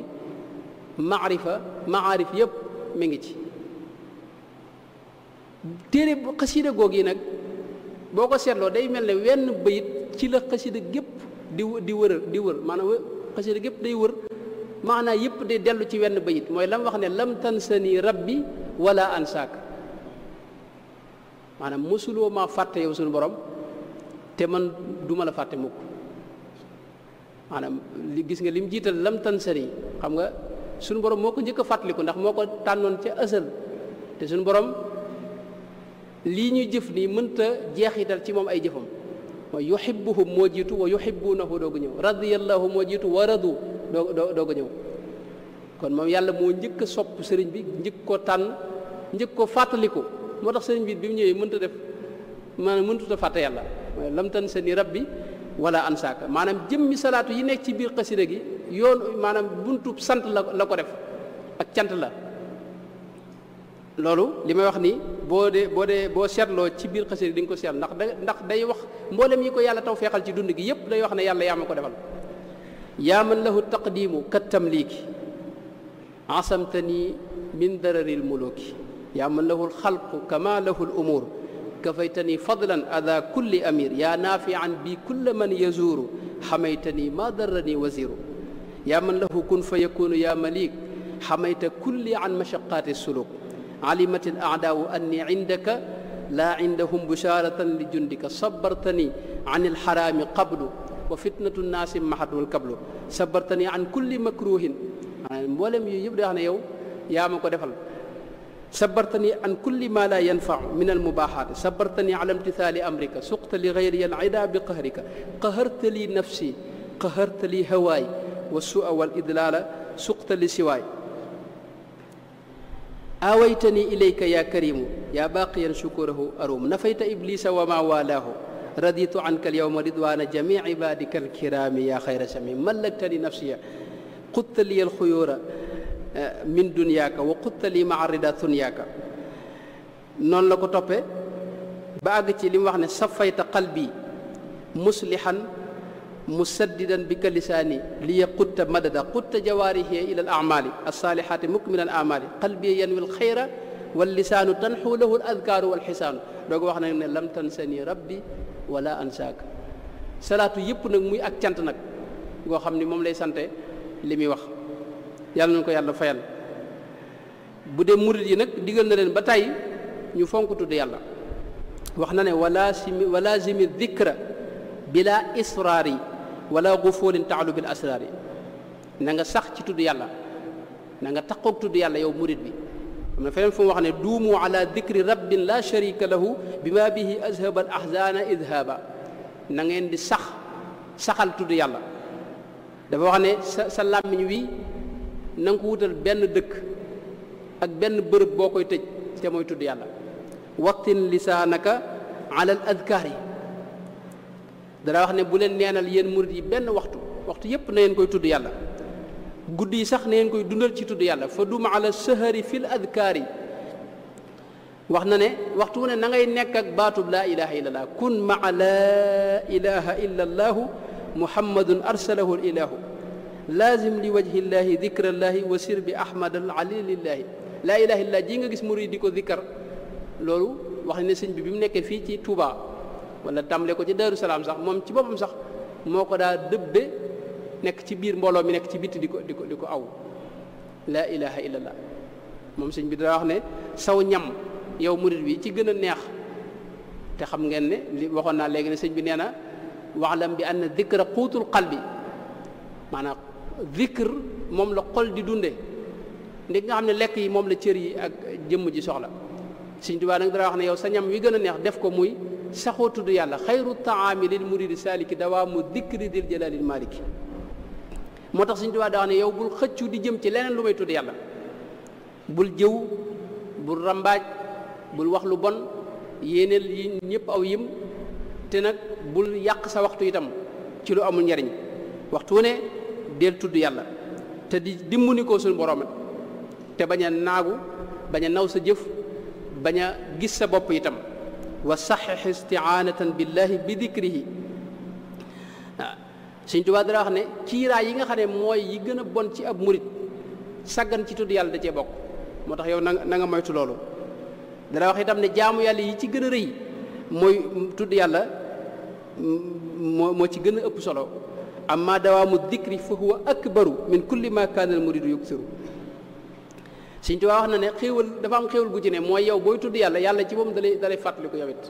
maarifa maarif yëpp mi ngi ci téere bu xasida yi nag boo ko seetloo day mel ne wenn bayit ci la xasida gépp di di wër di wër maanaam xasida gépp day wër maanaa yëpp day dellu ci wenn bayit mooy lam wax ne lam tan rab bi wala ansaak maanaam mosuloo maa fàtte yow suñu borom te man duma la fàtte mukk maanaam li gis nga lim jiital lam tansani xam nga sunu borom moo ko njëkk fàttaliku ndax moo ko tànnoon ca asal te suñu borom lii ñuy jëf nii mënta jeexital ci moom ay jëfam mooy yuhibbuhum moo jiitu wa yuhibbunahu doogu ñëw radiyallahu moo jiitu wa radu doo doo ñëw kon moom yàlla moo njëkk a sopp sëriñ bi njëkk ko tànn njëkk ko fàttaliku moo tax sëriñ bi bi mu ñëwee mënta def maanaam mënut a fàtte yàlla mooy lam tan sa ni rabbi wala ansaaka maanaam jëmmi salaatu yi nekk ci biir xasida gi yoon maanaam buntu sant la la ko def ak cant la loolu li may wax ni boo dee boo dee boo seetloo ci biir xasida di nga ko seetlu ndax da ndax day wax mboolem yi ko yàlla taw feexal ci dund gi yépp day wax ne yàlla yaa ma ko defal yaa man lahu taqdimu kat tamliiki asamtani min dararil muluki yaa man lahu lxalqu kama lahu l umuur kafaytani fadlan ada kulli amir yaa naafian bi kulla man yazuuru xamaytani ma darrani waziru yaa man lahu kun fa yakunu yaa malik xamayta kulli an mashaqaati suluk alimat al aadaau anni indaka laa indahum busharatan li jundika sabartani an ilxaraami qablu wa fitnatu nnaasi mahadul kablu sabartani an kulli makruhin maanaam mboolem yooyu yëpp daa xam ne yow yaa ma ko defal sabartani an kulli ma laa yanfau min al mubaahaat sabartani ala imtithaali amrika suqta li gayri al ida bi qahrika qaharta li nafsi qaharta li hawaay wa sua wal idlaala suqta li siwaay awaytani ilayka ya karimu ya baqiyan shukurahu arum nafayta iblisa wa ma walahu raditu anka alyawma ridwana jami ibadika alkirami ya xayra samim mallaktani nafsiya qutta li alxuyura min dunyaaka wa qutta li maarida tunyaaka noonu la ko toppe ba àgg ci li mu wax ne safayta qalbi muslihan musaddidan bi ka lisaani li yaqutta madada qutta jawaarihi ila al amali alsaalihaati mukmila al amali qalbi yanwi al xayra wal lisaanu tanxu lahu al adkaaru wal xisaanu doog wax nag ne lam tansani rabbi wala ansaaka salaatu yëpp nag muy ak cant nag goo xam ni moom lay sante li muy wax yàlla nañu ko yàlla fayal bu dee murit yi nag digal na leen ba tey ñu fonk tudd yàlla wax na ne wala simi wala simi dikra bila israari wala gufuulin taalu bil asraari na nga sax ci tudd yàlla na nga taqoog tudd yàlla yow murit bi am na feneen fu mu wax ne duumu ala dikri rabbin la sharika lahu bi ma bihi azhaba al ahzana di sax saxal tudd yàlla dafa wax ne sa sa làmmiñ wi na ko wutal benn dëkk ak benn bërëb boo koy tëj te mooy tudd yàlla waqtin lisaanaka ala al dana wax ne bu leen neenal yéen murit yi benn waxtu waxtu yépp na ngeen koy tudd yàlla guddi yi sax na ngeen koy dundal ci tudd yàlla fa duma ala sëhëri fil adkaari wax na ne waxtu wu ne na ngay nekk ak baatub laa ilaha illallah kun maa laa ilaha illallahu muhammadun arsalahu ilahu laazim li wajhillahi dikrallaahi wa sir bi ahmad al alilillaahi laa ilaha illallah jii nga gis murid di ko dikkar loolu wax ne sëñ bi bi mu nekkee fii ci Touba wala tàmbale ko ci Daaru Salaam sax moom ci boppam sax moo ko daa dëbbe nekk ci biir mbooloo mi nekk ci bitti di ko di ko di ko aw laa ilaha illallah moom sëñ bi daa wax ne saw ñam yow murit bi ci gën a neex te xam ngeen ne li waxoon naa léegi ne sëñ bi nee na waxlam bi ànd na dikra xuutul xal bi maanaam dikr moom la xol di dunde ndi nga xam ne lekk yi moom la cër yi ak jëmm ji soxla Sëñ Tuubaa nag dana wax ne yow sa ñam wi gën a neex def ko muy saxoo tudd yàlla xayru taami lil saali ki dawaa mu dikri dil jalaalil maaliki moo tax Sëñ Tuubaa daa ne yow bul xëccu di jëm ci leneen lu may tudd yàlla bul jëw bul rambaaj bul wax lu bon yéeneel yi ñëpp aw yim te nag bul yàq sa waxtu itam ci lu amul njariñ waxtu ne del tudd yàlla te di dimbali ko suñu borom te bañ a naagu bañ naw sa jëf bañ a gis sa bopp itam wa saxix istiaanatan billahi bi dikrihi waaw ah, Sëñ Tuubaa dara wax ne kiiraay yi nga xam ne mooy yi gën a bon ci ab murit saggan ci tudd yàlla da cee bokk moo tax yow na na nga moytu loolu dara wax itam ne jaamu yàlla yi ci gën a rëy mooy tudd yàlla mm, moo moo ci gën a ëpp solo amma dawaamu dikri fa huwa akbaru min kulli ma kaana al muridu Sëñ Tuubaa wax na ne xéewal dafa am xéewal gu ci ne mooy yow booy tudd yàlla yàlla ci moom dalay dalay fàttaliku yow it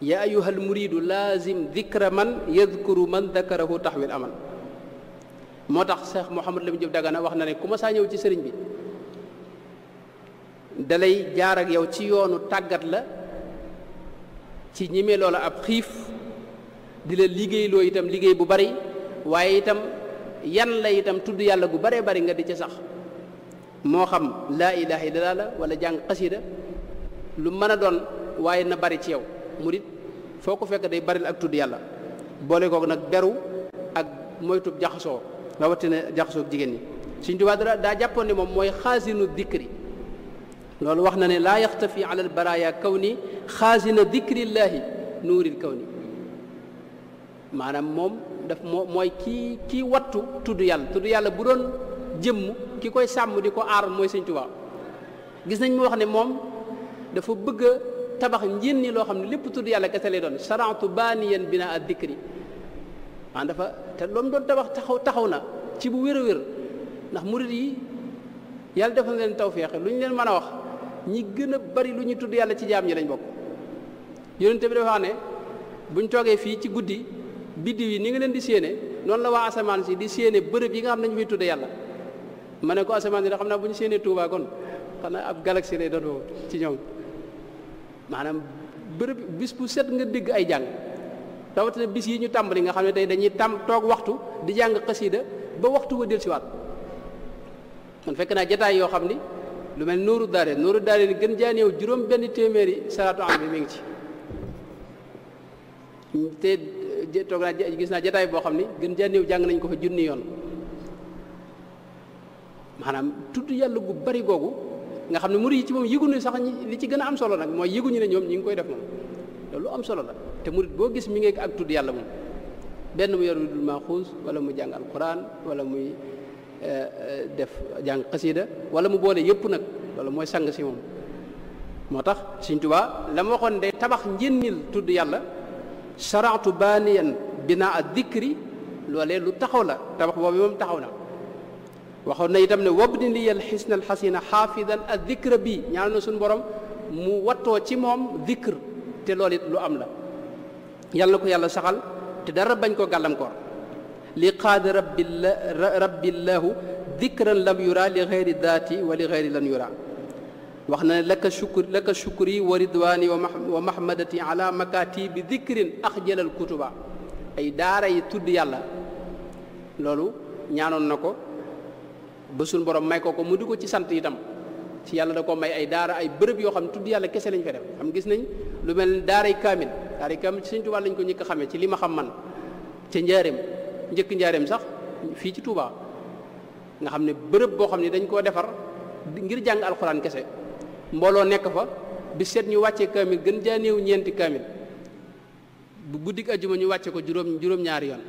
yaa ayyuhal muridu laazim dikra man yadkuru man tax taxwil amal moo tax Cheikh Mouhamadou Lamine Diop Dagana wax na ne ku ma saa ñëw ci sëriñ bi dalay jaar ak yow ci yoonu tàggat la ci ñime loola ab xiif di la liggéeyloo itam liggéey bu bari waaye itam yan la itam tudd yàlla gu baree bari nga di ca sax moo xam laa ilaha illallah la wala jàng xasida lu mën a doon waaye na bari ci yow murit foo ko fekk day baril ak tudd yàlla boole kook nag beru ak moytu jaxasoo rawatina jaxasoo ak jigéen ñi suñ tubaa dara daa jàppoon ne moom mooy xaasinu dikri loolu wax na ne laa yaxtafi ala al baraya kaw ni xaasina dikrillaahi nuuril kaw ni maanaam moom daf moo mooy kii kii wattu tudd yàlla tudd yàlla bu doon jëmm ki koy sàmm di ko aar mooy sëñ Tuubaa gis nañ mu wax ne moom dafa bëgg a tabax njën ni loo xam ne lépp tudd yàlla kese lay doon sarantu baaniyan bina ad dikri ah dafa te loom doon tabax taxaw taxaw na ci bu wér a wér ndax murit yi yàlla def na leen tawféex lu ñu leen mën a wax ñi gën bari lu ñuy tudd yàlla ci jaam yi lañ bokk yonent bi dafa wax ne buñ toogee fii ci guddi biddiw yi ni nga leen di séenee noonu la waa asamaan si di séenee bërëb yi nga xam ne ñu fay tudd yàlla ma ne ko asamaan yi da xam naa bu ñu séenee Touba kon xanaa ab galaxie lay doon ci ñoom maanaam bërëb bis bu set nga dégg ay jàng na bis yi ñu tàmbali nga xam ne tey dañuy tam toog waxtu di jàng xasida ba waxtu wa del siwaat man fekk naa jataay yoo xam ni lu mel nooru daare nooru daare ni gën jaa néew juróom benn téeméeri salaatu am bi mi ngi ci te toog naa gis naa jataay boo xam ni gën jaa néew jàng nañ ko fa junni yoon maanaam tudd yàlla gu bari googu nga xam ne murid yi ci moom yëguñu sax li ci gën a am solo nag mooy yëguñu ne ñoom ñi ngi koy def moom loolu am solo la te murid boo gis mi ngi ak tudd yàlla benn mu yor dul wala mu jàng alquran wala muy eh, eh, def jàng xasiida wala mu boole yëpp nag loolu mooy sang si moom moo tax Sëriñ Tuubaa la ma waxoon de tabax njënnil tudd yàlla saraatu baaniyan binaa a dikri loolee lu taxaw la tabax boobu moom taxaw na waxoon na itam ne wabdi liyal xisnal xasina xaafidan ak dikra bi ñaan na suñu borom mu wattoo ci moom dikr te loolu lu am la yàlla na ko yàlla saxal te dara bañ ko gàllankoor li qaada rabbila rabbillahu dikran lam yura li xeyri daati wa li xeyri lan yura wax na ne laka shukr laka shukri wa ridwaani wa mahmadati ala makaati bi dikrin axjalal kutuba ay daara yi tudd yàlla loolu ñaanoon na ko ba suñu borom may ko ko mu di ko ci sant itam ci yàlla da koo may ay daara ay bërëb yoo xam ne tudd yàlla kese lañ fa def xam gis nañ lu mel ni daaray kaamil daaray kaamil ci Sëñ Tuubaa lañ ko njëkk a xamee ci li ma xam man ca njaareem njëkk njaareem sax fii ci Tuubaa nga xam ne bërëb boo xam ne dañ koo defar ngir jàng alxuraan kese mbooloo nekk fa bi seet ñu wàccee kaamil gën jaa néew ñeenti kaamil bu guddik ajjuma ñu wàcce ko juróom juróom-ñaari yoon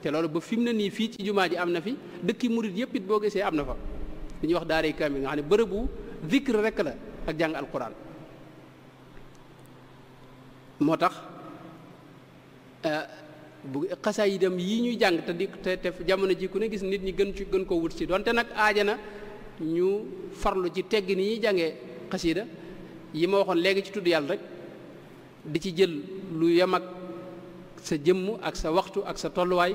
te loolu ba fi mu ne nii fii ci jumaa ji am na fi dëkki murit yëpp it boo gisee am na fa li ñuy wax daaray kaamil nga xam ne bërëbu zikr rek la ak jàng alquran moo tax euh, bu xasaayidam yi ñuy jàng te di te te jamono ji ku ne gis nit ñi gën ci gën koo wut ci donte nag aajana ñu farlu ci tegg ni ñuy jàngee xasiida yi ma waxoon léegi ci tudd yàlla rek di ci jël lu yem sa jëmm ak sa waxtu ak sa tolluwaay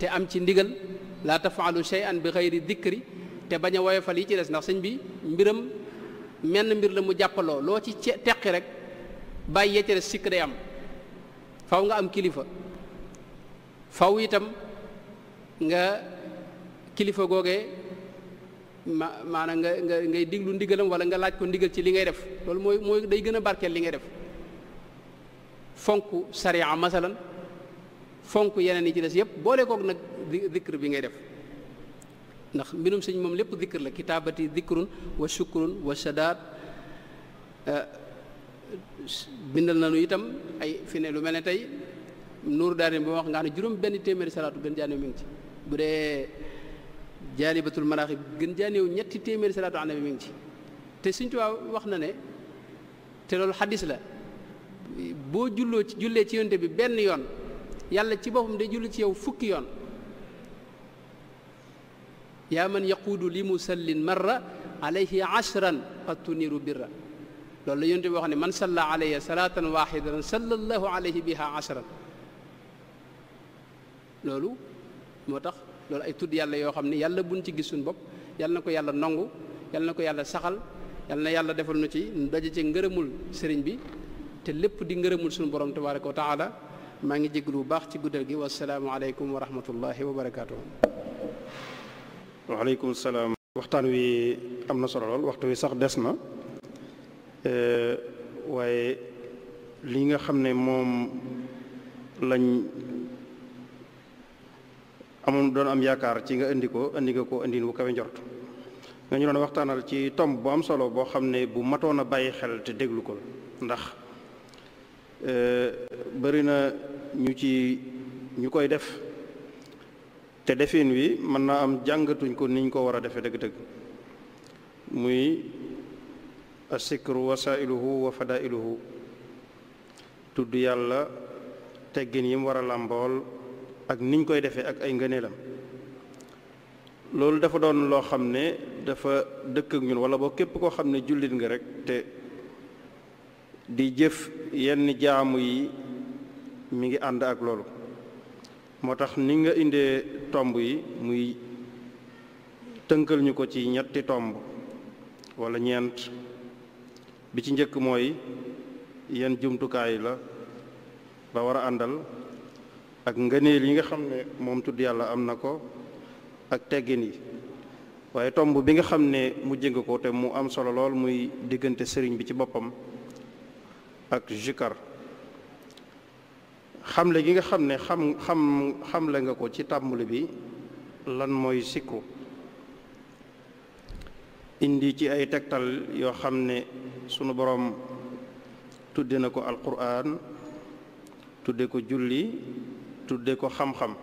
te am ci ndigal laa tafaalu ann bi xayri dikri te bañ a woyofal yi ci des ndax sëñ bi mbiram menn mbir la mu jàppaloo loo ci teqi rek bàyyi yecce des sikk day am faw nga am kilifa faw itam nga kilifa googee ma maanaam nga ngay diglu ndigalam wala nga laaj ko ndigal ci li ngay def loolu mooy mooy day gën a barkeel li ngay def fonk sariya masalan fonk yeneen yi ci des yëpp boole kook nag dikr bi ngay def ndax mbirum sëñ moom lépp dikr la kitaabati dikrun wa sukrun wa sadaat euh, bindal nañu itam ay fi ne lu mel ne tey nuur daarin bi ma wax nga xam ne juróom benn téeméeri salaatu gën jaaneew mi ngi ci bu dee jaalibatul maraaxib gën jaaneew ñetti téeméeri salaatu ala mi ngi ci te Sëñ Tuubaa wax na ne te loolu xaddis la boo julloo ci jullee ci yonte bi benn yoon yàlla ci boppam day julli ci yow fukki yoon yaa man yaquudu li musallin marra alayhi ashran qad tuniru birra loolu la yonte bi wax ne man salla alayya salaatan waxidatan sallallahu alayhi biha ashran loolu moo tax loolu ay tudd yàlla yoo xam ne yàlla buñ ci gisuñ bopp yàlla na ko yàlla nongu yàlla na ko yàlla saxal yàlla na yàlla defal nu ci daje ci ngërëmul sëriñ bi te lépp di ngërëmul suñu borom tabaraka wa taala maa ngi jéglu bu baax ci guddal gi wasalaamu aleykum wa rahmatullahi wa barakaatuhu waaleykum salaam waxtaan wi am na solo waxtu wi sax des na waaye li nga xam ne moom lañ amoon doon am yaakaar ci nga indi ko indi nga ko indi bu kawe njort nga ñu doon waxtaanal ci tomb bu am solo boo xam ne bu matoon a bàyyi xel te déglu ko ndax Euh, bëri na ñu ci ñu koy def te defin wi mën naa am jàngatuñ ko niñ ko war a defe dëgg-dëgg muy asikru wasailuhu wa fadailuhu tudd yàlla teggin yim war a làmbool ak niñ koy defee ak ay ngëneelam loolu dafa doon loo xam ne dafa dëkk ak ñun wala boo képp koo xam ne jullit nga rek te di jëf yenn jaamu yi mu ngi ànd ak loolu moo tax ni nga indee tomb yi muy tënkal ñu ko ci ñetti tomb wala ñeent bi ci njëkk mooy yenn jumtukaay la ba war a àndal ak ngëneel yi nga xam ne moom tudd yàlla am na ko ak teggin yi waaye tomb bi nga xam ne mu jëng ko te mu am solo lool muy diggante sëriñ bi ci boppam ak jikar xamle gi nga xam ne xam xam xamle nga ko ci tàmbali bi lan mooy sikko indi ci ay tegtal yoo xam ne sunu boroom tudde na ko alquran tudde ko julli tudde ko xam-xam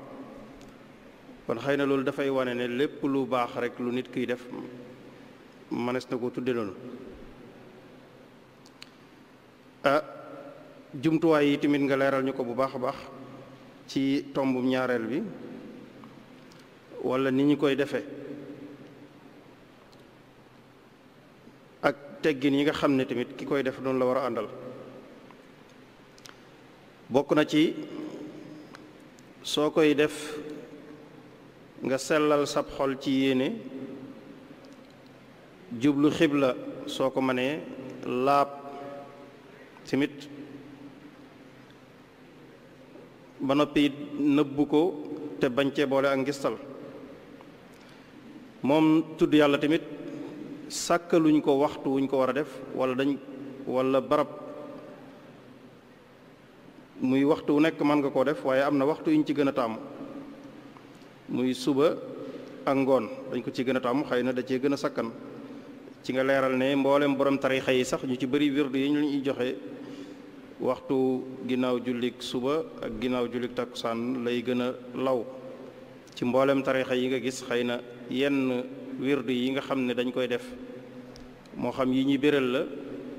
kon xëy na loolu dafay wane ne lépp lu baax rek lu nit kiy def mënees na ko tudde loolu ah jumtuwaay yi tamit nga leeral ñu ko bu baax a baax ci tombum ñaareel bi wala ni ñu koy defe ak teggin yi nga xam ne tamit ki koy def noonu la war a àndal bokk na ci soo koy def nga sellal sab xol ci yéene jublu xib la soo ko mënee laab tamit ba noppi nëbbu ko te bañ cee boole ak ngistal moom tudd yàlla tamit sàkkaluñ ko waxtu wuñ ko war a def walla dañ walla barab muy waxtu wu nekk mën nga koo def waaye am na waxtu yuñ ci gën a taamu muy suba ak ngoon dañ ko ci gën a taamu xëy na da cee gën a sakkan ci nga leeral ne mboolem borom tarixa yi sax ñu ci bëri wirdu yi ñu ñuy joxe waxtu ginnaaw jullik suba ak ginnaaw jullik takkusaan lay gën a law ci mboolem tarixa yi nga gis xëy na yenn wirdu yi nga xam ne dañ koy def moo xam yi ñuy béral la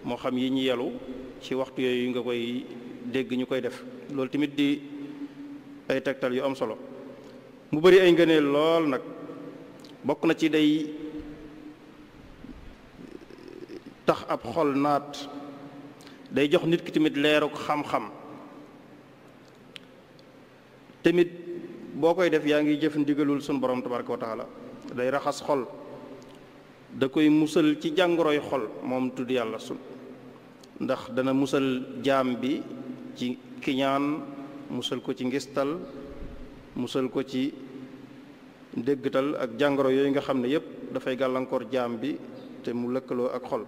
moo xam yi ñu yelu ci waxtu yooyu nga koy dégg ñu koy def loolu tamit di ay tegtal yu am solo mu bëri ay ngëneel lool nag bokk na ci day tax ab xol naat day jox nit ki tamit leeruk xam-xam tamit boo koy def yaa ngi jëf ndigalul sunu borom tabaraka wa taala day raxas xol da koy musal ci jàngoroy xol moom tudd yàlla sun ndax dana musal jaam bi ci kiñaan musal ko ci ngistal musal ko ci déggtal ak jàngoro yooyu nga xam ne yépp dafay gàllankoor jaam bi te mu lëkkaloo ak xol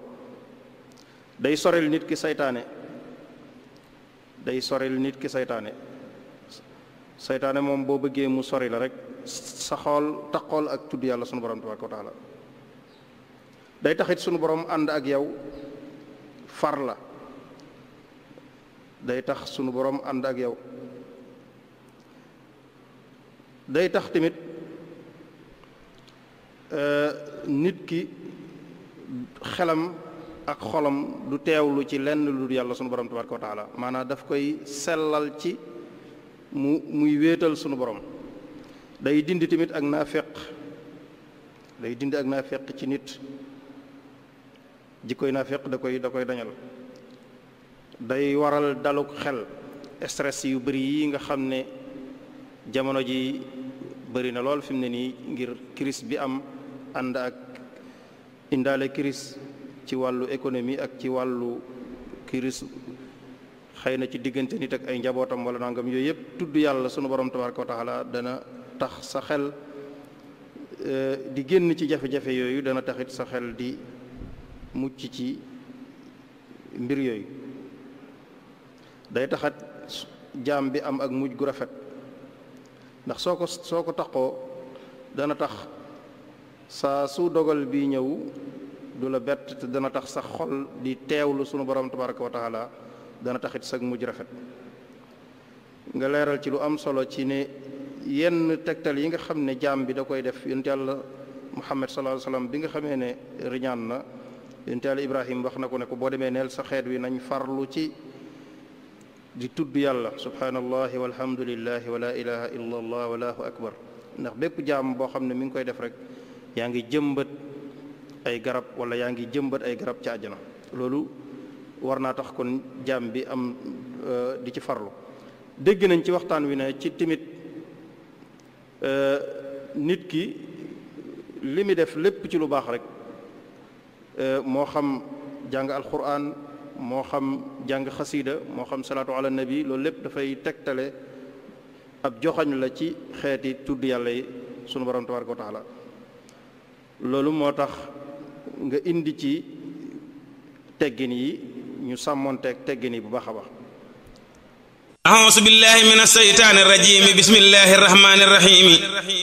day soril nit ki seytaane day soril nit ki saytaane seytaane moom boo bëggee mu sori la rek sa xool taxool ak tudd yàlla sunu borom tabaaraka wa taala day taxit sunu borom ànd ak yow far la day tax sunu borom ànd ak yow day tax tamit euh, nit ki xelam ak xolam du lu ci lenn lu dul yàlla sunu borom tabaraka wa taala maanaam daf koy sellal ci mu muy wéetal sunu borom day dindi tamit ak naafeq day dindi ak naafeq ci nit jikkoy naafeq da koy da koy dañal day waral daluk xel stress yu bari yi nga xam ne jamono ji bari na lool fi mu ne nii ngir crise bi am ànd ak indaale crise ci wàllu économie ak ci wàllu kiris xëy na ci diggante nit ak ay njabootam wala nangam yooyu yëpp tudd yàlla sunu borom tabaraka wa taala dana tax sa xel e, di génn ci jafe yooyu dana taxit sa xel di mucc ci mbir yooyu day taxat jaam bi am ak mujj gu rafet ndax soo ko soo ko taxoo dana tax saa su dogal bi ñëw du la bett te dana tax sax xol di teewlu sunu borom tabaraka wa taala dana taxit sag mujj rafet nga leeral ci lu am solo ci ne yenn tegtal yi nga xam ne jaam bi da koy def yonent yàlla muhammad sallallahu alayhi wasallam bi nga xamee ne riñaan na yonent yàlla ibrahim wax na ko ne ko boo demee neel sa xeet wi nañ farlu ci di tudd yàlla subhaanallahi walhamdulillahi wa la ilaha illa allah walaahu akbar ndax bépp jaam boo xam ne mi ngi koy def rek yaa ngi jëmbat ay garab wala yaa ngi jëmbat ay garab ci àjjana loolu war naa tax kon jaam bi am euh, di ci farlu dégg nañ ci waxtaan wi ne ci timit euh, nit ki li mu def lépp ci lu baax rek euh, moo xam jàng alquran moo xam jàng xasiida moo xam salaatu ala nabi loolu lépp dafay tegtale ab joxañ la ci xeeti tudd yàlla sunu borom tabaraka wa taala loolu moo tax nga indi ci teggin yi ñu samoon teggin yi bu baax a baax auzu billahi min asseytaani rajiim bismillahi rahmaani rahiim